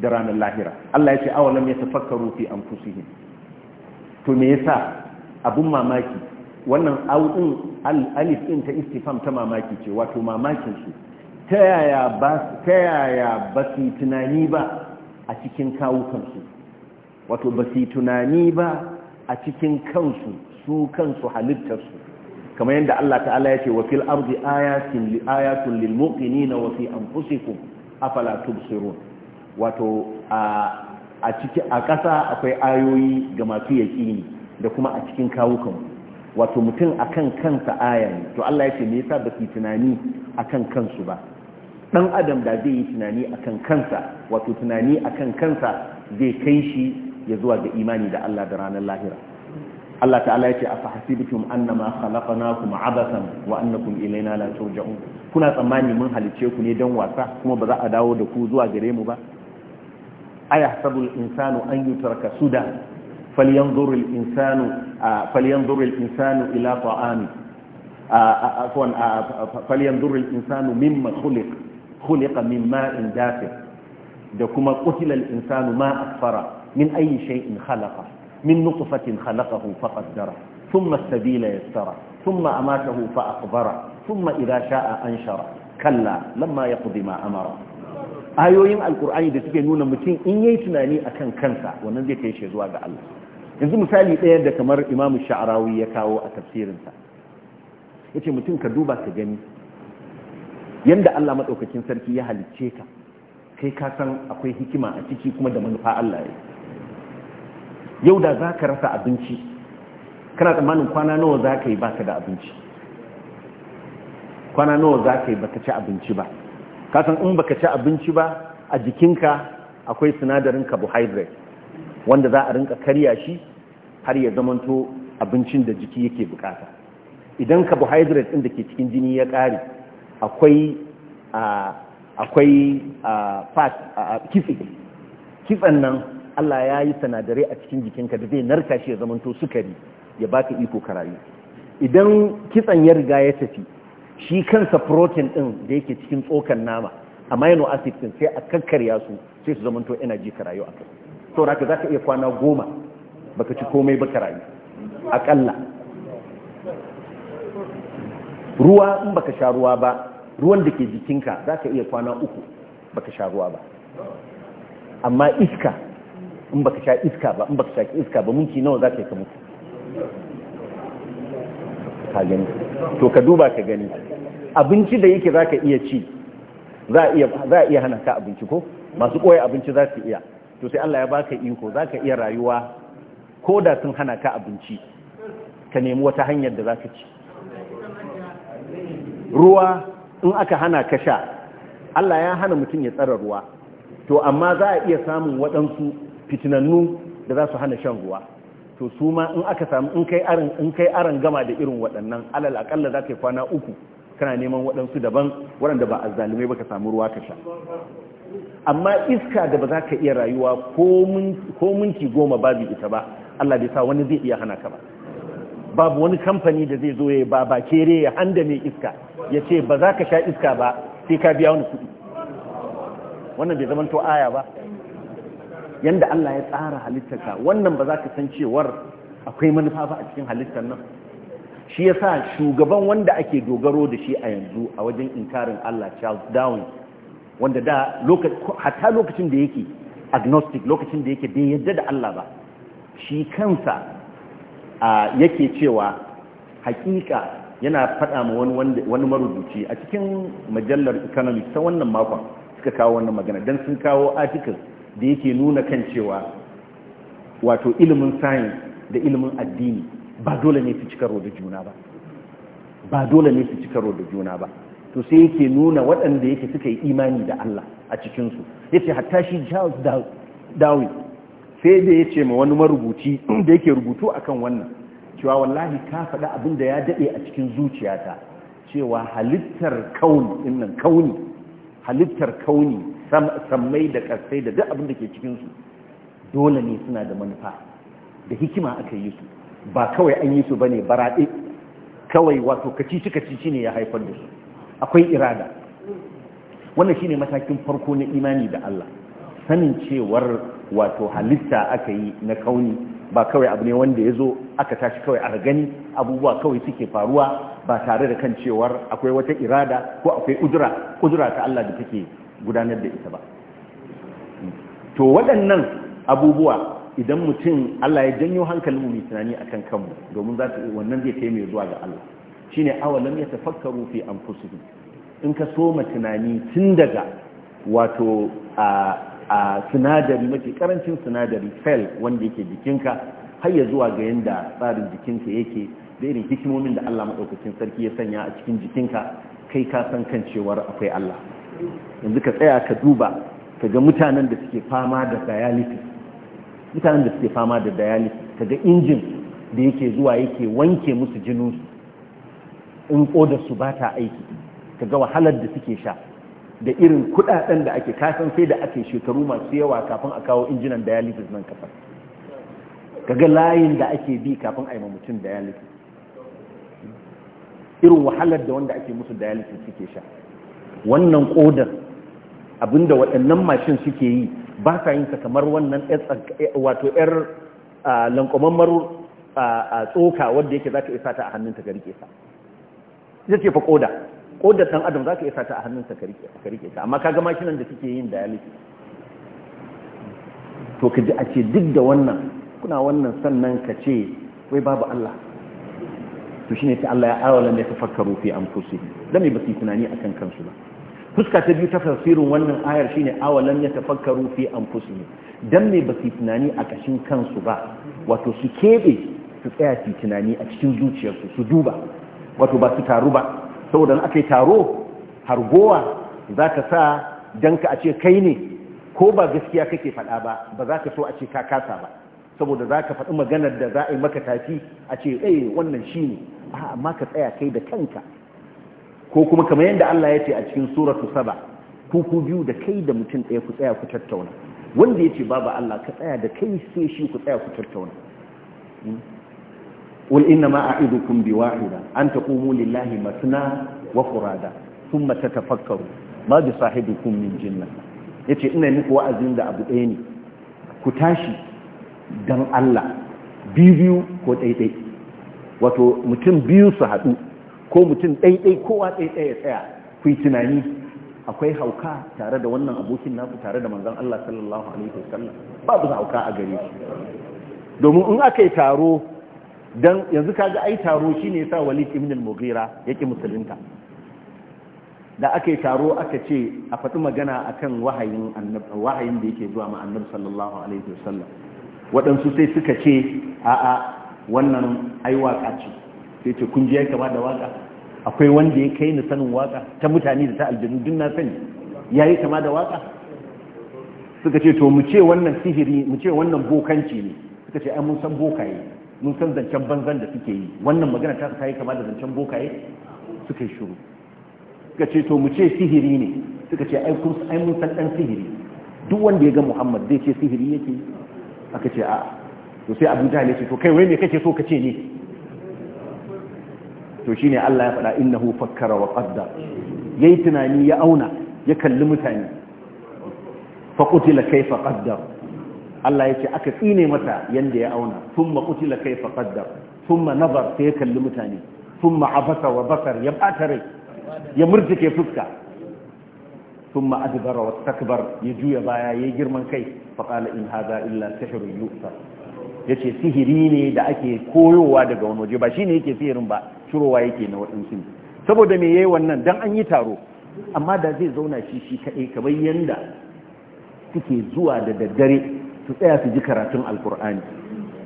da ranar lahira Allah ya ce awalam ya tafakkaru an anfusihim to me yasa abun mamaki wannan audin alif din ta istifam ta mamaki ce wato mamakin su ta yaya ba su tunani ba a cikin kawukansu wato ba su tunani ba a cikin kansu su kansu halittarsu kamar yadda Allah ta'ala ya ce wa fil ardi ayatin li ayatun lil muqinina wa fi anfusikum afala tubsirun wato a a ƙasa akwai ayoyi ga masu yaƙini da kuma a cikin kawukanmu wato mutum akan kansa aya ne to Allah ya ce me yasa ba su tunani akan kansu ba dan adam da zai yi tunani akan kansa wato tunani akan kansa zai kai shi ya zuwa ga imani da Allah da ranar lahira Allah ta'ala ya ce a fahasibtum annama khalaqnakum abathan wa annakum ilayna la turja'un kuna tsammani mun halice ku ne dan wasa kuma ba za a dawo da ku zuwa gare mu ba ayahsabul insanu an su da. فلينظر الإنسان آه، فلينظر الإنسان إلى طعام آه، آه، فلينظر الإنسان مما خلق خلق من ماء دافئ دكما قتل الإنسان ما أكثر من أي شيء خلقه من نطفة خلقه فقدره ثم السبيل يسره ثم أماته فأقبره ثم إذا شاء أنشر كلا لما يقضي ما أمره آيوين القرآن دي سيكي نونا متين إن يتناني أكن كنسا ونزيكي شيزوا بألس yanzu misali ɗaya da kamar imamu sha'arawi ya kawo a tafsirinsa ya ce mutum ka duba ka gani yadda allah maɗaukakin sarki ya halicce ka kai ka san akwai hikima a ciki kuma da manufa allah ya yau da za ka rasa abinci kana tsammanin kwana nawa za ka yi ba ka da abinci kwana nawa za ka yi ba ka ci abinci ba ka san in ka ci abinci ba a jikinka akwai sinadarin carbohydrate wanda za a rinka karya shi har ya zamanto abincin da jiki yake bukata idan carbohydrate ɗin da ke cikin jini ya ƙare akwai akwai fat kitse nan Allah ya yi sanadare a cikin jikinka da zai narka shi ya zamanto sukari ya baka iko ka idan kitson ya riga ya tafi shi kansa protein ɗin da yake cikin tsokan nama amino acid din sai a kakkarya su sai su zamanto energy ka rayu akai saboda haka za ka iya kwana goma baka ci komai baka rayu akalla ruwa in baka sha ruwa ba ruwan da ke jikinka za ka iya kwana uku baka sha ruwa ba amma iska in baka sha iska ba in baka sha iska ba minti nawa za ka yi ka mutu to ka duba ka gani abinci da yake za ka iya ci za a iya hana ka abinci ko masu koya abinci za su iya to sai Allah ya baka iko zaka iya rayuwa ko da sun hana ka abinci ka nemi wata hanyar da zaka ci ruwa in aka hana ka sha Allah ya hana mutum ya tsara ruwa to amma za a iya samun waɗansu fitinannu da za su hana shan ruwa to su ma in aka samu in kai aran gama da irin waɗannan alal akalla za ka yi kwana uku kana neman waɗansu daban waɗanda ba azalumai ba ka samu ruwa ka sha amma iska da ba za ka iya rayuwa ko minti goma babu ita ba Allah bai sa wani zai iya hana ka ba babu wani kamfani da zai zo ya ba ba kere ya handa mai iska ya ce ba za ka sha iska ba sai ka biya wani kuɗi wannan bai zamanto aya ba yanda Allah ya tsara halittarka wannan ba za ka san cewar akwai manufa ba a cikin halittar nan shi ya sa shugaban wanda ake dogaro da shi a yanzu a wajen inkarin Allah Charles Darwin wanda da hatta lokacin da yake agnostic lokacin da yake bai yadda da Allah ba shi kansa yake cewa hakika yana faɗa ma wani wani marubuci a cikin majallar economics ta wannan makon suka kawo wannan magana dan sun kawo article da yake nuna kan cewa wato ilimin science da ilimin addini ba dole ne su ci da juna ba ba dole ne su ci da juna ba to sai yake nuna waɗanda yake suka yi imani da Allah a cikinsu ya ce hatta shi Charles Darwin sai da ya ce ma wani marubuci da yake rubutu akan wannan cewa wallahi ka faɗa abin da ya daɗe a cikin zuciyata cewa halittar kauni innan kauni halittar kauni sammai da ƙasai da duk abin da ke cikinsu dole ne suna da manufa da hikima aka yi su ba kawai an yi su bane baraɗe kawai wato kacici kacici ne ya haifar da su akwai irada wannan shine matakin farko na imani da Allah sanin cewar wato halitta aka yi na kauni ba kawai abu ne wanda ya zo aka tashi kawai a gani abubuwa kawai suke faruwa ba tare da kan cewar akwai wata irada ko akwai kudura kudura ta Allah da take gudanar da ita ba to waɗannan abubuwa idan mutum Allah ya janyo hankalin mu tunani akan kanmu domin za wannan zai kai mai zuwa ga Allah shine awalan ya tafakkaru fi anfusihim in ka soma tunani tun daga wato a a sinadari mafi karancin sinadari fel wanda yake jikinka har ya zuwa ga yanda tsarin jikinka yake da irin hikimomin da Allah maɗaukacin sarki ya sanya a cikin jikinka kai ka san kan cewar akwai Allah yanzu ka tsaya ka duba ka ga mutanen da suke fama da dialysis mutanen da suke fama da dialysis kaga injin da yake zuwa yake wanke musu jinu in kodar su ba ta aiki kaga wahalar da suke sha da irin kudaden da ake kasan sai da ake shekaru masu yawa kafin a kawo injinan dialysis nan kasar kaga layin da ake bi kafin a yi mutum dialysis irin wahalar da wanda ake musu dialysis suke sha wannan kodar abinda waɗannan mashin suke yi ba sa yin sa kamar wannan eh, wato yar a tsoka wadda yake za ka isa ta a hannunta ka rike sa ita ce fa koda kodar ɗan adam za ka isa ta a hannunsa ka rike sa, amma kaga mashinan da suke yin dialysis to ka ji a ce duk da wannan kuna wannan sannan ka ce wai babu Allah to shi ne ta Allah ya awala ne ta fakkaru fi anfusihim dan me ba su tunani akan kansu ba fuska ta biyu ta tafsirin wannan ayar shine awalan ya tafakkaru fi anfusihim dan me ba tunani a kashin kansu ba wato su kebe su tsaya su tunani a cikin zuciyarsu su duba wato ba su taru ba saboda aka yi taro hargowa za ka sa dan ka a ce kai ne ko ba gaskiya kake faɗa ba ba za ka so a ce ka kasa ba saboda za ka faɗi maganar da za a yi maka tafi a ce eh wannan shi ne amma ka tsaya kai da kanka ko kuma kamar yadda Allah ya ce a cikin suratu saba kuku biyu da kai da mutum ɗaya ku tsaya ku tattauna wanda ya ce babu Allah ka tsaya da kai sai shi ku tsaya ku tattauna hmm? bi wahida An taqumu lillahi matna wa furada thumma tatafakkaru ma bi sahibikum min jinna yace ina muku wa'azin da abu ɗaya ne ku tashi dan Allah biyu ko ɗaiɗai wato mutum biyu su haɗu ko mutum ɗaiɗai kowa ɗaiɗai ya tsaya ku yi tunani akwai hauka tare da wannan abokin naku tare da manzan Allah sallallahu alaihi wasallam babu hauka a gare shi domin in aka yi taro don yanzu kaga ai taro shine sa Walid ibn al-Mughira yake musulunta da aka yi taro aka ce a faɗi magana a wahayin wahayin da yake zuwa ma sallallahu alaihi wasallam waɗansu sai suka ce a'a wannan ai waka ce sai ce kun je ya kama da waka akwai wanda ya kai ni sanin waka ta mutane da ta aljanu duk na sani yayi kama da waka suka ce to mu ce wannan sihiri mu ce wannan bokanci ne suka ce ai mun san bokaye mun san zancen banzan da suke yi wannan magana ta ta yi kama da zancen bokaye suka yi shiru suka ce to mu ce sihiri ne suka ce ai kun ai mun san dan sihiri duk wanda ya ga Muhammad zai ce sihiri yake aka ce a to sai Abu jahil ya ce to kai wai me kake so ka ce ne to shine Allah ya faɗa innahu fakkara wa qaddar yayi tunani ya auna ya kalli mutane fa kai kayfa qaddar Allah ce aka tsine mata yadda ya auna thumma kai kayfa qaddar thumma nazar ta ya kalli mutane thumma abasa wa basar ya ɓata rai ya murtike fuska thumma adbara wa takbar ya juya baya yayi girman kai fa qala in haza illa sihirin sihrun Ya ce sihiri ne da ake koyowa daga wani waje ba shine yake sihirin ba turowa yake na waɗansu ne saboda me yayi wannan don an yi taro amma da zai zauna shi shi kaɗai kamar yanda suke zuwa da daddare su tsaya su ji karatun alkur'ani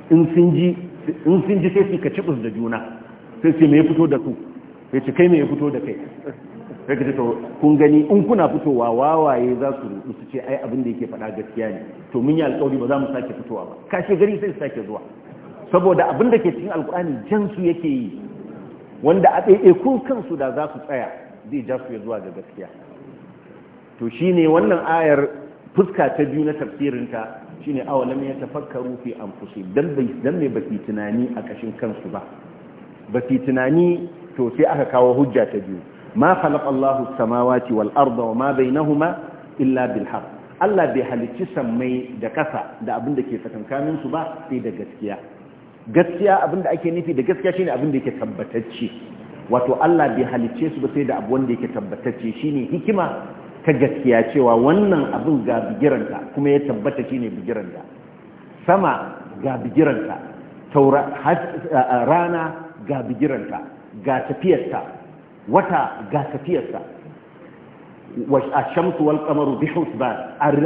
in sun ji sai su ka da juna sai su me ya fito da su sai su kai me fito da kai sai ka kun gani in kuna fitowa wawaye za su rudu su ce ai abin da yake faɗa gaskiya ne to mun yi alƙawari ba za mu sake fitowa ba kashe gari sai su sake zuwa saboda abin da ke cikin alkur'ani jan su yake yi wanda a ɗaiɗaikun kansu da za su tsaya zai ja su ya zuwa ga gaskiya to shi ne wannan ayar fuska ta biyu na tafsirinta shine awa ya ta fakka rufe an fushe, don mai ba tunani a kashin kansu ba ba tunani to sai aka kawo hujja ta biyu ma khalaqa Allahu samawati wal arda wa ma bai nahuma illa bilhar. Allah bai halicci sammai da ƙasa da abin da ke tsakankanin su ba sai da gaskiya gaskiya abinda ake nufi da gaskiya shine abinda da yake tabbatacce wato Allah bai halicce su ba sai da abu wanda yake tabbatacce shine hikima ta gaskiya cewa wannan abin ga bigiranta kuma ya tabbata shine bigiranta sama ga bigiranta taura rana ga bigiranta ga tafiyarta wata ga tafiyarta wa ash-shamsu wal qamaru bi husban al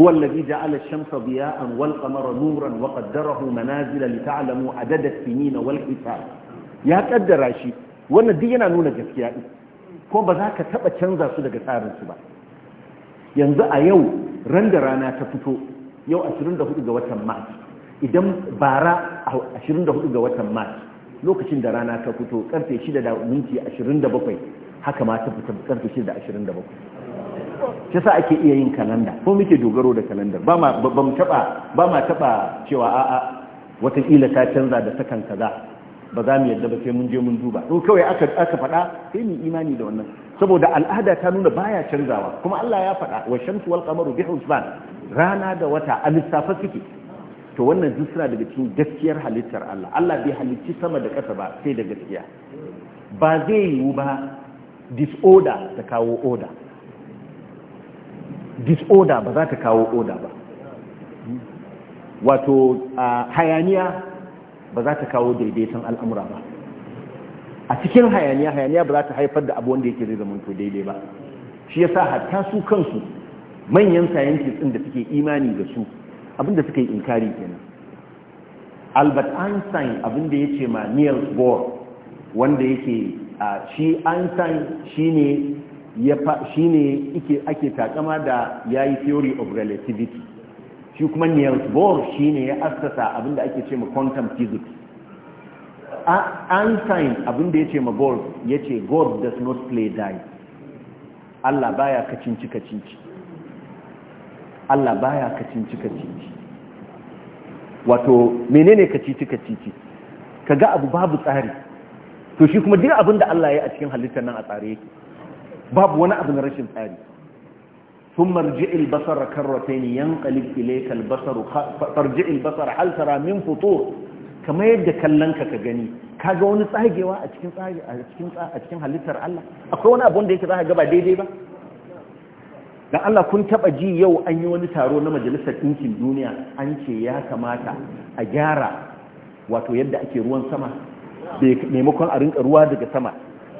هو الذي جعل الشمس ضياء والقمر Alamu a منازل لتعلموا عدد السنين والحساب يا قدر شيء wannan duk yana nuna gaskiya din ko ba za ka taɓa canza su daga tsarin su ba yanzu a yau ran da rana ta fito yau 24 ga watan mars idan bara 24 ga watan mars lokacin da rana ta fito karfe 6 da minti 27 haka ma ta fita karfe 6 da 27 shi sa ake iya yin kalanda ko muke dogaro da kalanda ba ma taɓa cewa a'a watakila ta canza da sakan kaza ba za mu yadda ba sai mun je mun duba to kawai aka aka faɗa sai mu imani da wannan saboda al'ada ta nuna baya canzawa kuma Allah ya faɗa wa shamsu wal qamaru bi husban rana da wata a suke to wannan duk daga cikin gaskiyar halittar Allah Allah bai halicci sama da ƙasa ba sai da gaskiya ba zai yiwu ba disorder ta kawo order disorder ba za ta kawo oda ba wato hayaniya ba za ta kawo daidaiton al'amura ba a cikin hayaniya hayaniya ba za ta haifar da abu wanda yake zai to daidai ba shi yasa hatta su kansu manyan scientists ɗin da suke imani da su abinda suka yi inkari kenan albert einstein abinda ya ce ma niels bohr wanda yake shi einstein shine shi ne ake takama da ya yi theory of relativity shi kuma niels bohr shi ne ya assasa abinda ake ce ma quantum physics einstein abinda ya ce ma bohr ya ce god does not play die allah baya kacinci kacinci allah baya kacinci kacinci wato menene kacici kacici kaga abu babu tsari to shi kuma duk abinda allah ya yi a cikin halittar nan a tsare yake babu wani abu na rashin tsari sun marji'il basara ne yan ilayka albasaru farji'il farji hal tara min fito kama yadda kallon ka ka gani Ka ga wani tsagewa a cikin halittar Allah akwai wani abu da yake za a gaba daidai ba da Allah kun taba ji yau an yi wani taro na majalisar ɗinkin duniya an ce ya kamata a gyara wato yadda ake ruwan sama maimakon a rinka ruwa daga sama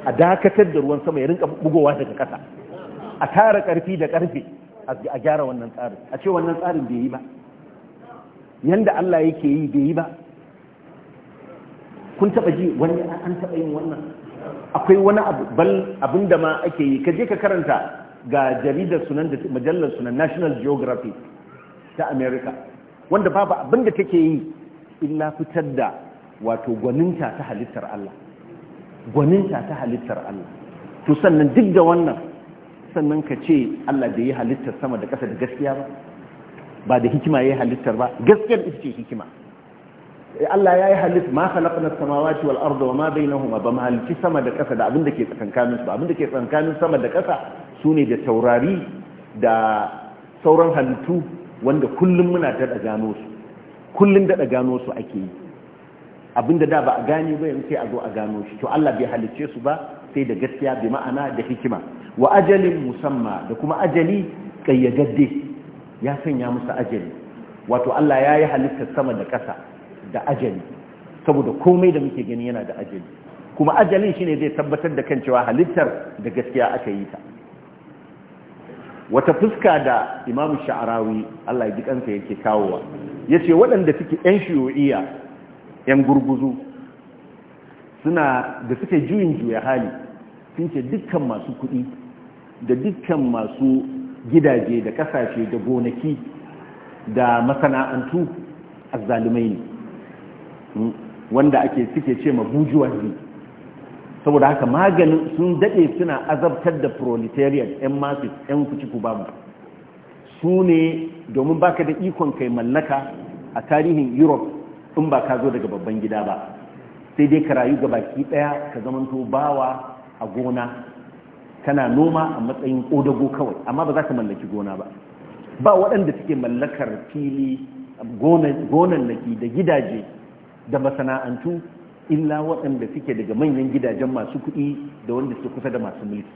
a dakatar da ruwan sama ya rinka bugowa daga ƙasa a tara ƙarfi da ƙarfe a gyara wannan tsarin a ce wannan tsarin bai yi ba yanda Allah yake yi bai yi ba kun taba ji wani an taba yin wannan akwai wani abin da ma ake yi ka je ka karanta ga jaridar sunan da majalar sunan national geography ta america wanda babu abin da take yi illa fitar da wato gwaninta ta halittar Allah gwaninta ta halittar Allah to sannan duk da wannan sannan ka ce Allah da ya halittar sama da ƙasa da gaskiya ba ba da hikima ya yi halittar ba gaskiyar ita ce hikima eh, Allah ya yi halitta ma khalaqna as-samawati wal arda wama bainahuma ba mahalici sama da ƙasa da abin da ke tsakankanin su ba abin da ke tsakankanin sama da ƙasa sune da taurari da sauran halittu wanda kullum muna daɗa gano su kullum daɗa gano su ake yi abinda da ba a gane ba yanzu sai a zo a gano shi to Allah bai halicce su ba sai da gaskiya bi ma'ana da hikima wa ajalin musamma da kuma ajali kayyadadde ya sanya musu ajali wato Allah ya yi halitta sama da ƙasa da ajali saboda komai da muke gani yana da ajali kuma ajalin shine zai tabbatar da kan cewa halittar da gaskiya aka yi ta wata fuska da imamu sha'arawi Allah ya ji kansa yake kawowa yace waɗanda suke yan shiyo'iya 'yan gurguzu suna da suka juyin juya hali sun ce dukkan masu kuɗi da dukkan masu gidaje da ƙasashe da gonaki da masana'antu a zalimai ne hmm, wanda ake suke ce ma ne saboda haka maganin sun daɗe suna azabtar da proletariat 'yan masu 'yan kuci babu su ne domin baka da ikon kai mallaka a tarihin europe in ba ka zo daga babban gida ba sai dai ka rayu ga baki daya ka zamanto bawa a gona kana noma a matsayin kodago kawai amma ba za ka mallaki gona ba ba waɗanda suke mallakar fili gonannaki da gidaje da masana'antu illa waɗanda suke daga manyan gidajen masu kuɗi da wanda suke kusa da masu mulki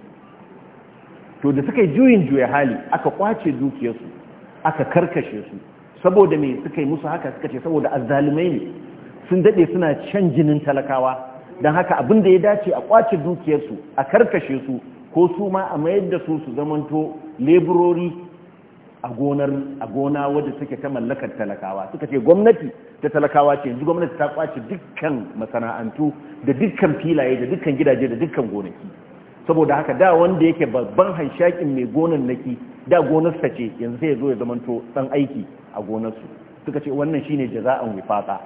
to da suka yi juyin juya hali aka kwace dukiyarsu aka karkashe su saboda mai suka yi musu haka suka ce saboda azzalumai ne sun daɗe suna can jinin talakawa don haka abin da ya dace a kwace dukiyarsu a karkashe su ko su ma a mayar da su su zamanto leburori a gonar a gona wadda suke ta mallakar talakawa suka ce gwamnati ta talakawa ce yanzu gwamnati ta kwace dukkan masana'antu da dukkan filaye da dukkan gidaje da dukkan gonaki saboda haka da wanda yake babban hanshakin mai gonan naki da gonarsa ce yanzu sai ya zo ya to dan aiki a gonarsu suka ce wannan shine jaza'an wifaka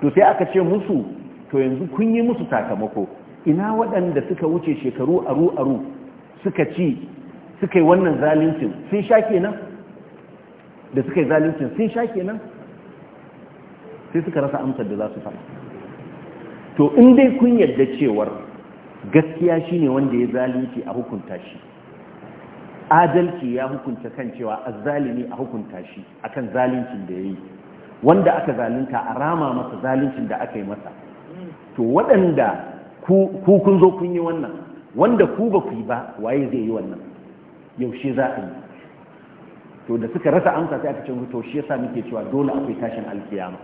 to sai aka ce musu to yanzu kun yi musu sakamako ina waɗanda suka wuce shekaru aru aru suka ci suka yi wannan zaluncin sun sha kenan da suka yi zaluncin sun sha kenan sai suka rasa amsar da za su faɗa to in dai kun yarda cewar gaskiya shine wanda ya zalunci a hukunta shi adalci ya hukunta kan cewa azzalimi a hukunta shi akan zaluncin da ya yi wanda aka zalunta a rama masa zaluncin da aka yi masa to waɗanda ku kun zo kun yi wannan wanda ku ba ku yi ba waye zai yi wannan yaushe za a yi to da suka rasa amsa sai aka ce to shi yasa muke cewa dole akwai tashin alkiyama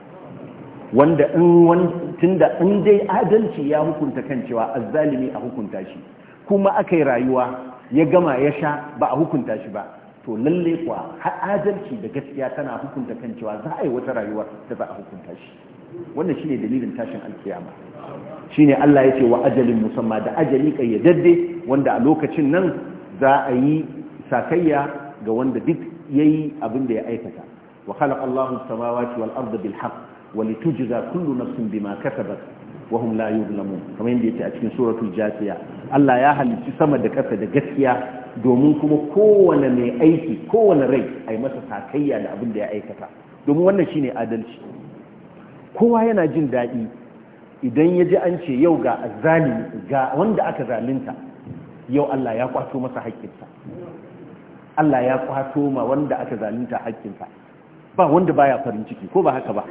wanda in tunda in dai adalci ya hukunta kan cewa azzalimi a hukunta shi kuma aka yi rayuwa ya gama ya sha ba a hukunta shi ba to lalle kuwa har adalci da gaskiya tana hukunta kan cewa za a yi wata rayuwa da za a hukunta shi wannan shine dalilin tashin alkiyama shine Allah ya ce wa ajalin musamma da ajali kayyadadde wanda a lokacin nan za a yi sakayya ga wanda duk yayi abin da ya aikata wa khalaqa Allahu samawati wal arda bil haqq wa litujza kullu nafsin bima kasabat wa hum la yuzlamun kamar yadda yake a cikin suratul jafiya Allah ya halicci sama da ƙasa da gaskiya domin kuma kowane mai aiki kowane rai a yi masa sakayya da abin da ya aikata domin wannan shine adalci kowa yana jin daɗi idan ya ji an ce yau ga zalimi ga wanda aka zalunta yau Allah ya kwato masa haƙƙinsa Allah ya kwato ma wanda aka zalunta haƙƙinsa ba wanda baya farin ciki ko ba haka ba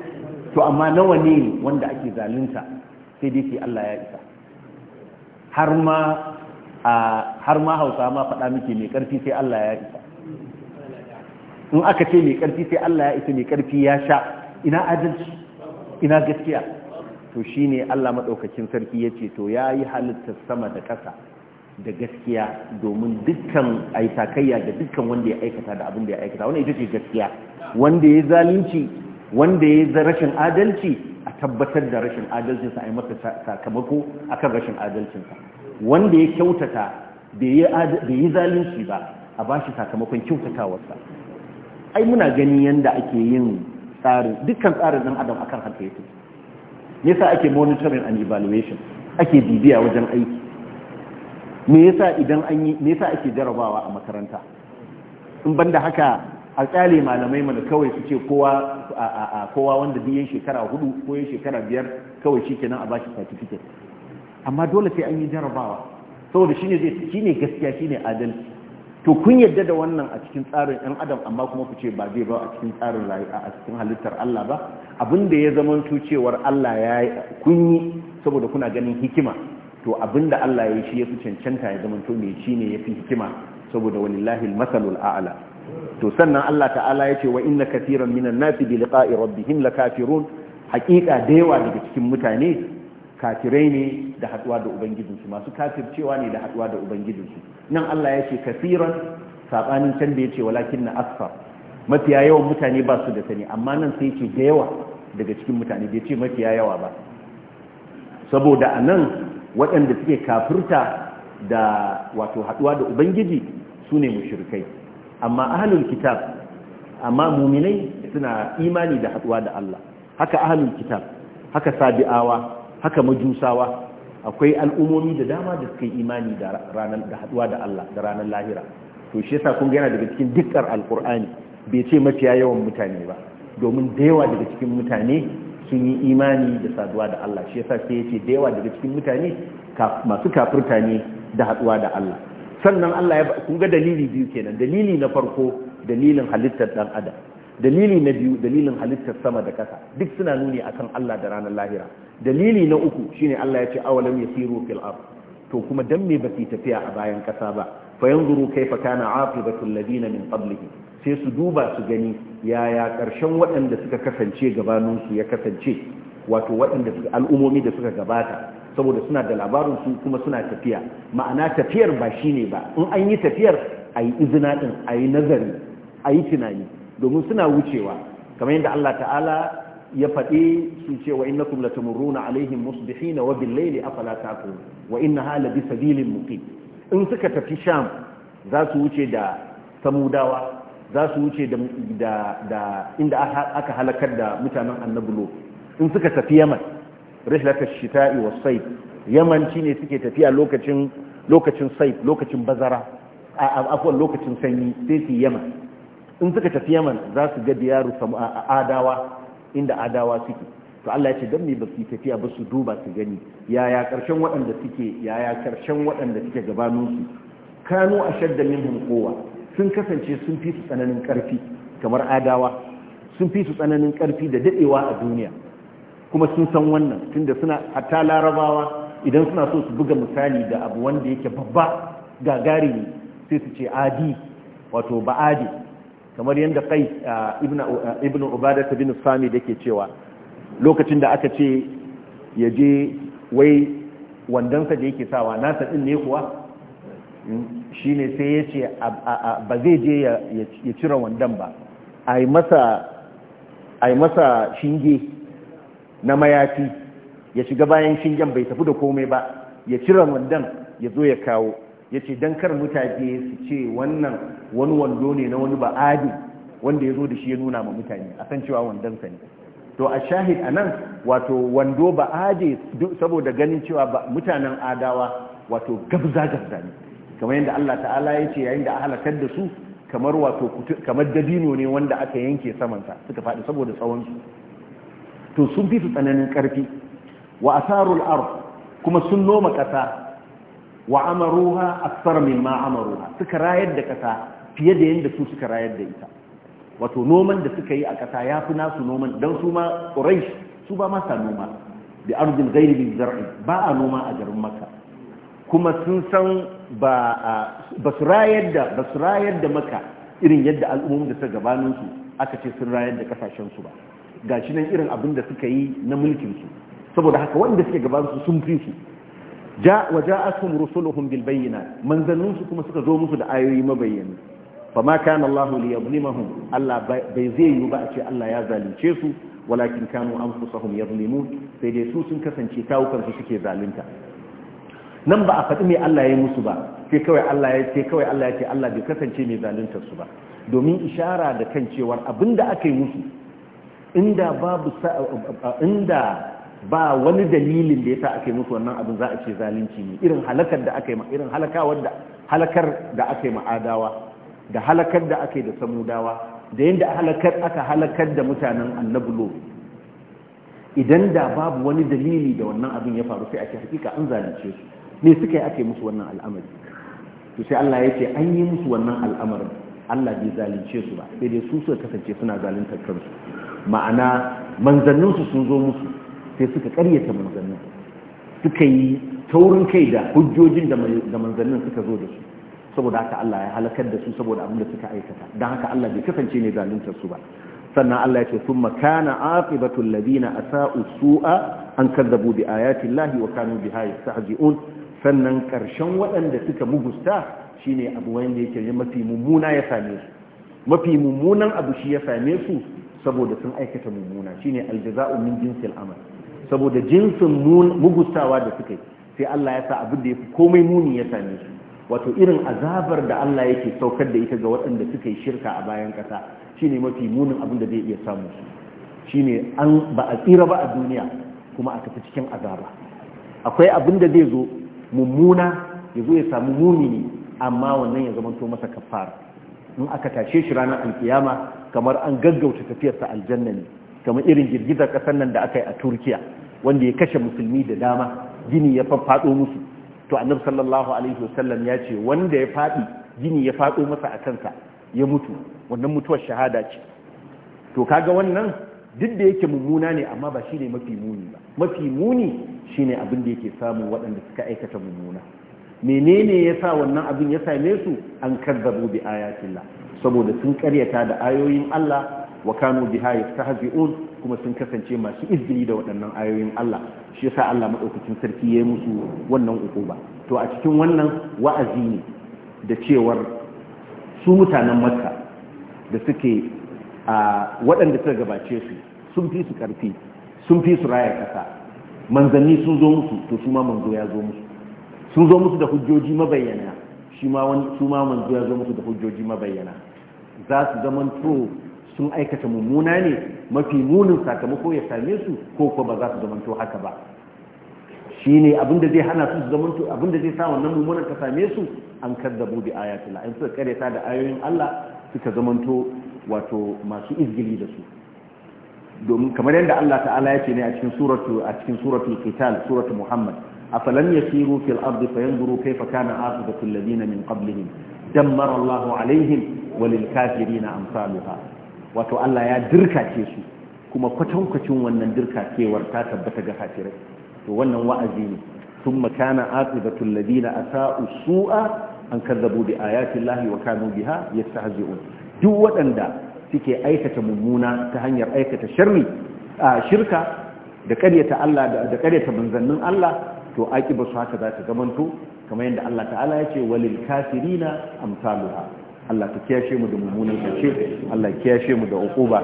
to amma nawa ne wanda ake zalunta sai dai sai Allah ya isa har ma har ma hausa ma faɗa miki mai ƙarfi sai Allah ya isa in aka ce mai ƙarfi sai Allah ya isa mai ƙarfi ya sha ina adalci ina gaskiya to shine Allah madaukakin sarki ya ce to ya yi halitta sama da ƙasa da gaskiya domin dukkan aitakayya da dukkan wanda ya aikata da abin da ya aikata wannan ita ce gaskiya wanda ya zalunci wanda ya yi rashin adalci a tabbatar da rashin adalcinsa a yi masa sakamako akan rashin adalcinsa wanda ya kyautata bai yi zalunci ba a ba shi sakamakon kyautatawarsa ai muna gani yadda ake yin tsarin dukkan tsarin ɗan adam akan haka yake me yasa ake monitoring and evaluation ake bibiya wajen aiki me yasa idan an yi me yasa ake jarabawa a makaranta in banda haka a malamai mana kawai su ce kowa wanda biyan shekara hudu ko yin shekara biyar kawai shi kenan a ba shi certificate amma dole sai an yi jarabawa saboda shi ne zai gaskiya shi ne adalci to kun yadda da wannan a cikin tsarin yan adam amma kuma ku ce ba zai ba a cikin tsarin rayuwa a cikin halittar Allah ba abin da ya zama cewar Allah ya kun yi saboda kuna ganin hikima to abin da Allah ya yi shi ya fi cancanta ya to mai shi ne ya fi hikima saboda walillahi masalul a'la to sannan Allah ta'ala ya ce wa inna katiran minan nasi bi liqa'i rabbihim lakafirun hakika da yawa daga cikin mutane kafirai ne da haduwa da ubangijinsu masu kafircewa ne da haduwa da ubangijinsu nan Allah ya ce katiran sabanin can da ya ce walakin na asfa, mafiya yawan mutane ba su da sani amma nan sai ce da yawa daga cikin mutane bai ce mafiya yawa ba saboda a nan waɗanda suke kafirta da wato haduwa da ubangiji su ne mushrikai amma ahlul kitab amma muminai suna imani da haɗuwa da Allah haka ahlul kitab haka sabi'awa haka majusawa akwai al'umomi da dama da suka yi imani da ranar da haduwa da Allah da ranar lahira to shi yasa kun yana daga cikin dukkan alqur'ani bai ce mafiya yawan mutane ba domin da yawa daga cikin mutane sun yi imani da saduwa da Allah shi yasa sai yace da yawa daga cikin mutane masu kafirta ne da haɗuwa da Allah sannan Allah ya kun ga dalili biyu kenan dalili na farko dalilin halittar dan adam dalili na biyu dalilin halittar sama da ƙasa duk suna nuni akan Allah da ranar lahira dalili na uku shine Allah ya ce awalam yasiru fil ard to kuma dan me ba su tafiya a bayan ƙasa ba fa yanzuru kaifa kana aqibatul ladina min qablihi sai su duba su gani yaya ƙarshen waɗanda suka kasance gabaninsu ya kasance wato waɗanda al'umomi da suka gabata saboda suna da labarin su kuma suna tafiya ma'ana tafiyar ba shine ba in an yi tafiyar a yi izina din a yi nazari a yi tunani domin suna wucewa kamar yadda Allah ta'ala ya faɗi su ce wa innakum latamurruna alaihim musbihina wa bil a afala taqulun wa inna hala bi sabilin muqim in suka tafi sham za su wuce da samudawa za su wuce da inda aka halakar da mutanen annabulo in suka tafi yaman rihlata shita'i wa sayf yamanci ne suke tafiya lokacin lokacin lokacin bazara afwan lokacin sanyi sai su yaman in suka tafi yaman za su ga diyaru adawa inda adawa suke to Allah ya ce dan me ba su tafiya ba su duba su gani yaya karshen waɗanda suke yaya karshen waɗanda suke gabaninsu kanu ashadda minhum quwwa sun kasance sun fi su tsananin karfi kamar adawa sun fi su tsananin karfi da dadewa a duniya kuma sun san wannan tunda suna hatta larabawa idan suna so su buga misali da abu wanda yake babba gagari ne sai su ce adi wato ba'adi kamar yadda kai ibn ubada ta bin sami da ke cewa lokacin da aka ce ya je wai wandonsa da yake sawa nasa ɗin ne kuwa hmm, shi ne sai ya ce ba zai je ya cire wandon ba a yi masa shinge na mayafi ya shiga bayan shingen bai tafi da komai ba ya cire wandan ya zo ya kawo ya ce don kar mutane su ce wannan wani wando ne na wani ba'adi wanda ya zo da shi ya nuna ma mutane a san cewa wandonsa ne to a shahid a nan wato wando ba'adi saboda ganin cewa mutanen adawa wato gabza gabza ne kamar yadda Allah ta'ala ya ce yayin da a halakar da su kamar wato dabino ne wanda aka yanke samansa suka faɗi saboda tsawonsu to sun fi su tsananin ƙarfi wa asarul kuma sun noma ƙasa wa amaruha asar min ma amaruha suka rayar da ƙasa fiye da yadda su suka rayar da ita wato noman da suka yi a ƙasa ya fi nasu noman don su ma quraish su ba noma da arzin ghairi zar'i ba a noma a garin makka kuma sun san ba su rayar da ba su rayar da maka irin yadda al'ummomin da suka gabaninsu aka ce sun rayar da kasashen su ba gashi nan irin abin da suka yi na mulkin su saboda haka wanda suke gaban su sun fi su ja wa ja'atuhum rusuluhum bil bayyinat manzannin su kuma suka zo musu da ayoyi mabayyana ma kana Allah li yuzlimahum Allah bai zai yi ba a ce Allah ya zalunce su walakin kanu anfusuhum yuzlimun sai dai su sun kasance tawukan su suke zalunta nan ba a faɗi me Allah ya yi musu ba sai kawai Allah ya ce kawai Allah ya ce Allah bai kasance mai zaluntar su ba domin ishara da kan cewar abinda aka yi musu inda babu inda ba wani dalilin da yasa aka musu wannan abin za a ce zalunci ne irin halakar da aka yi irin halakawar da halakar da aka yi ma'adawa da halakar da aka yi da samudawa da yanda halakar aka halakar da mutanen annabulo idan da babu wani dalili da wannan abin ya faru sai a ce hakika an zalunce su ne suka yi ake musu wannan al'amari to sai Allah ya ce an yi musu wannan al'amarin Allah bai zalunce su ba sai dai su kasance suna zaluntar kansu ma'ana manzanninsu sun zo musu sai suka karyata manzannin suka yi taurin kai da hujjojin da manzannin suka zo da su saboda haka Allah ya halakar da su saboda abin da suka aikata don haka Allah bai kasance ne zaluntar su ba sannan Allah ya ce sun makana aqibatul ladina asa'u su'a an kazzabu bi ayati llahi wa kanu biha yastahzi'un sannan karshen waɗanda suka mugusta Shi ne abu wanda yake mafi mummuna ya same su mafi mummunan abu shi ya same su saboda sun aikata mummuna shine aljaza'u min jinsil amal saboda jinsin mugustawa da suka yi sai Allah ya sa abin da ya fi komai muni ya same su wato irin azabar da Allah yake saukar da ita ga waɗanda suka yi shirka a bayan ƙasa shi ne mafi munin abin da zai iya samu su Shi ne an ba a tsira ba a duniya kuma a tafi cikin azaba akwai abin da zai zo mummuna ya zo ya samu muni ne amma wannan ya zama to masa kafara in aka tashe shi ranar alkiyama kamar an gaggauta tafiyarsa aljanna ne kamar irin girgizar kasar nan da aka yi a turkiya wanda ya kashe musulmi da dama gini ya faɗo musu to annabi sallallahu alaihi wasallam ya ce wanda ya faɗi gini ya faɗo masa a kansa ya mutu wannan mutuwar shahada ce to kaga wannan duk da yake mummuna ne amma ba shine mafi muni ba mafi muni shine abin da yake samun waɗanda suka aikata mummuna menene ya sa wannan abin ya same su an karzabu bi ayatillah saboda sun karyata da ayoyin Allah wa kanu biha yastahzi'un kuma sun kasance masu izini da waɗannan ayoyin Allah shi yasa Allah madaukakin sarki ya yi musu wannan ukuba to a cikin wannan wa'azi ne da cewar su mutanen Makka da suke a waɗanda suka gabace su sun fi su karfi sun fi su raya kasa manzanni sun zo musu to su ma manzo ya zo musu sun zo musu da hujjoji mabayyana shi ma wani su ma manzo ya zo musu da hujjoji mabayyana za su zama to sun aikata mummuna ne mafi munin sakamako ya same su ko ko ba za su zama to haka ba shine abin da zai hana su su to abin da zai sa wannan mummunan ka same su an kaddabu bi ayatillah in suka kareta da ayoyin Allah suka zama to wato masu izgili da su domin kamar yadda Allah ta'ala ya ce ne a cikin suratu a cikin suratul qital suratu muhammad afalam yasiru fil ardi fayanzuru kayfa kana aqibatu alladhina min qablihim dammara Allahu alaihim walil kafirina amsaluha wato Allah ya dirkace su kuma kwatankwacin wannan dirkacewar ta tabbata ga kafirai to wannan wa'azi ne thumma kana aqibatu a asa'u su'a an kazzabu bi ayati llahi wa kanu biha yastahzi'un duk waɗanda suke aikata mummuna ta hanyar aikata sharri a shirka da ƙaryata Allah da Allah to aƙiba su haka za ta zamanto kamar yadda Allah ta'ala ya ce walil kafirina amsaluha Allah ta kiyashe mu da mummunan kace Allah kiyashe mu da uquba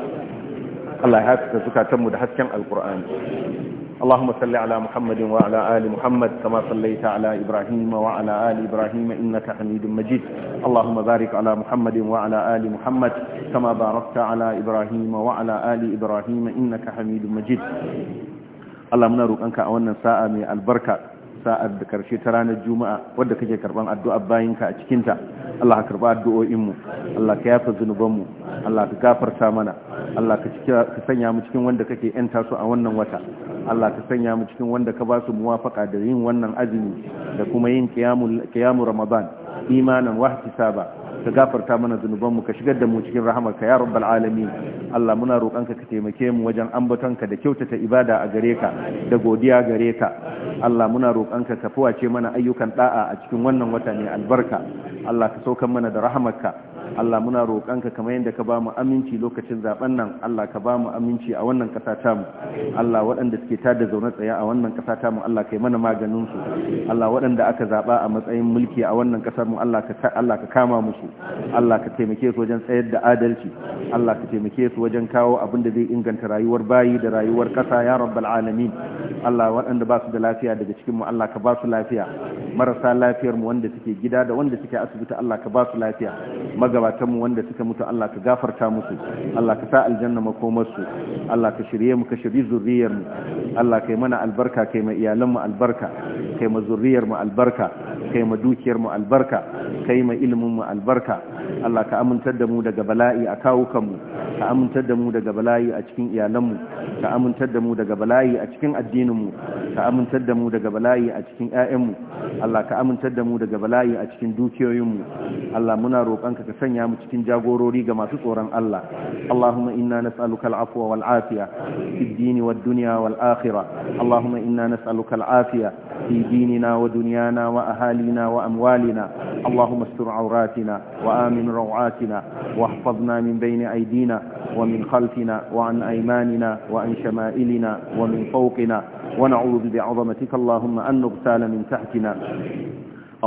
Allah ya haska zukatan mu da hasken alqur'ani اللهم صل على محمد وعلى آل محمد كما صليت على إبراهيم وعلى آل إبراهيم إنك حميد مجيد اللهم بارك على محمد وعلى آل محمد كما باركت على إبراهيم وعلى آل إبراهيم إنك حميد مجيد Allah muna roƙonka a wannan sa'a mai albarka sa'ar da karshe ta ranar juma'a wadda kake karban addu'a bayinka a cikinta Allah ka karba addu'o'inmu Allah ka yafa mu Allah ka gafarta mana Allah ka sanya mu cikin wanda kake yanta su a wannan wata Allah ka sanya mu cikin wanda ka ba su muwafaka da yin wannan azumi da kuma yin kiyamu Ramadan imanan wa ka gafarta mana zunubanmu ka shigar da mu cikin rahamarka ya rabbal alamin Allah muna roƙonka ka taimake mu wajen ambatonka da kyautata ibada a gare ka da godiya gare ka Allah muna roƙonka ka fuwace mana ayyukan da'a a cikin wannan wata ne albarka Allah ka saukan mana da rahamarka Allah muna roƙonka kamar yadda ka bamu aminci lokacin zaben nan Allah ka bamu aminci a wannan ƙasa ta Allah waɗanda suke tada zaune tsaye a wannan ƙasa ta Allah kai mana maganin su Allah waɗanda aka zaba a matsayin mulki a wannan ƙasar mu Allah ka Allah ka kama musu Allah ka taimake su wajen tsayar da adalci Allah ka taimake su wajen kawo abin da zai inganta rayuwar bayi da rayuwar ƙasa ya rabbal alamin Allah waɗanda ba su da lafiya daga cikin mu Allah ka ba su lafiya marasa lafiyar mu wanda suke gida da wanda suke asibiti Allah ka ba su lafiya magabatan mu wanda suka mutu Allah ka gafarta musu Allah ka sa aljanna makomar su Allah ka shirye mu ka shiri zuriyar mu Allah kai mana albarka kai iyalan mu albarka kai zuriyar mu albarka kai dukiyar mu albarka kai ilimin mu albarka Allah ka amintar da mu daga bala'i a mu ka amintar da mu daga bala'i a cikin iyalan mu ka amintar da mu daga bala'i a cikin addinin mu ka amintar da mu daga bala'i a cikin ƴaƴan mu Allah ka amintar da mu daga bala'i a cikin dukiyoyin mu Allah muna roƙonka ka sanya mu cikin jagorori ga masu tsoron Allah Allahumma inna nas'aluka al-afwa wal afiya fi ad-din wad dunya wal akhirah Allahumma inna nas'aluka al-afiya fi dinina wa dunyana wa ahalina wa amwalina Allahumma astur awratina wa amin rawatina واحفظنا من بين أيدينا ومن خلفنا وعن أيماننا وعن شمائلنا ومن فوقنا ونعوذ بعظمتك اللهم أن نغتال من تحتنا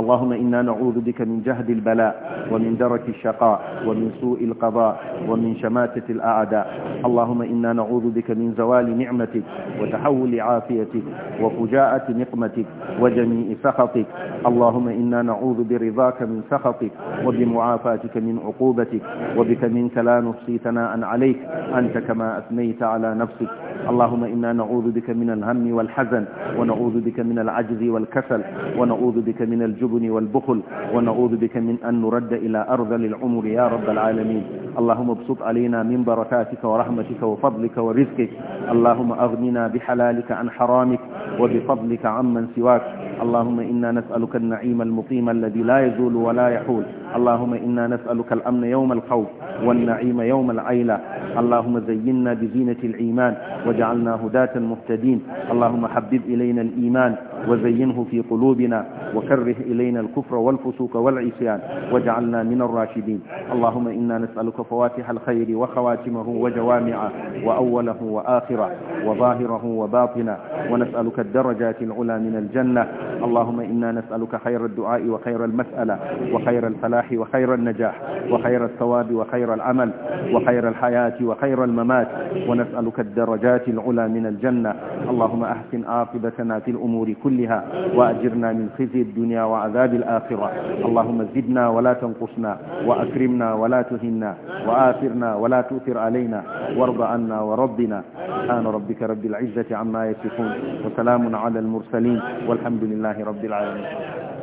اللهم إنا نعوذ بك من جهد البلاء ومن درك الشقاء ومن سوء القضاء ومن شماتة الأعداء اللهم إنا نعوذ بك من زوال نعمتك وتحول عافيتك وفجاءة نقمتك وجميع سخطك اللهم إنا نعوذ برضاك من سخطك وبمعافاتك من عقوبتك وبك منك لا نحصي ثناء عليك أنت كما أثنيت على نفسك اللهم إنا نعوذ بك من الهم والحزن ونعوذ بك من العجز والكسل ونعوذ بك من الجبن والجبن والبخل ونعوذ بك من أن نرد إلى أرض للعمر يا رب العالمين اللهم ابسط علينا من بركاتك ورحمتك وفضلك ورزقك اللهم أغننا بحلالك عن حرامك وبفضلك عمن سواك اللهم إنا نسألك النعيم المقيم الذي لا يزول ولا يحول اللهم إنا نسألك الأمن يوم الخوف والنعيم يوم العيلة اللهم زينا بزينة الإيمان وجعلنا هداة مهتدين اللهم حبب إلينا الإيمان وزينه في قلوبنا وكره إلينا الكفر والفسوق والعصيان واجعلنا من الراشدين اللهم إنا نسألك فواتح الخير وخواتمه وجوامعه وأوله وآخره وظاهره وباطنه ونسألك الدرجات العلى من الجنة اللهم إنا نسألك خير الدعاء وخير المسألة وخير الفلاح وخير النجاح وخير الثواب وخير خير العمل وخير الحياة وخير الممات ونسألك الدرجات العلى من الجنة اللهم أحسن عاقبتنا في الأمور كلها وأجرنا من خزي الدنيا وعذاب الآخرة اللهم زدنا ولا تنقصنا وأكرمنا ولا تهنا وآثرنا ولا تؤثر علينا وارض عنا وربنا سبحان ربك رب العزة عما يصفون وسلام على المرسلين والحمد لله رب العالمين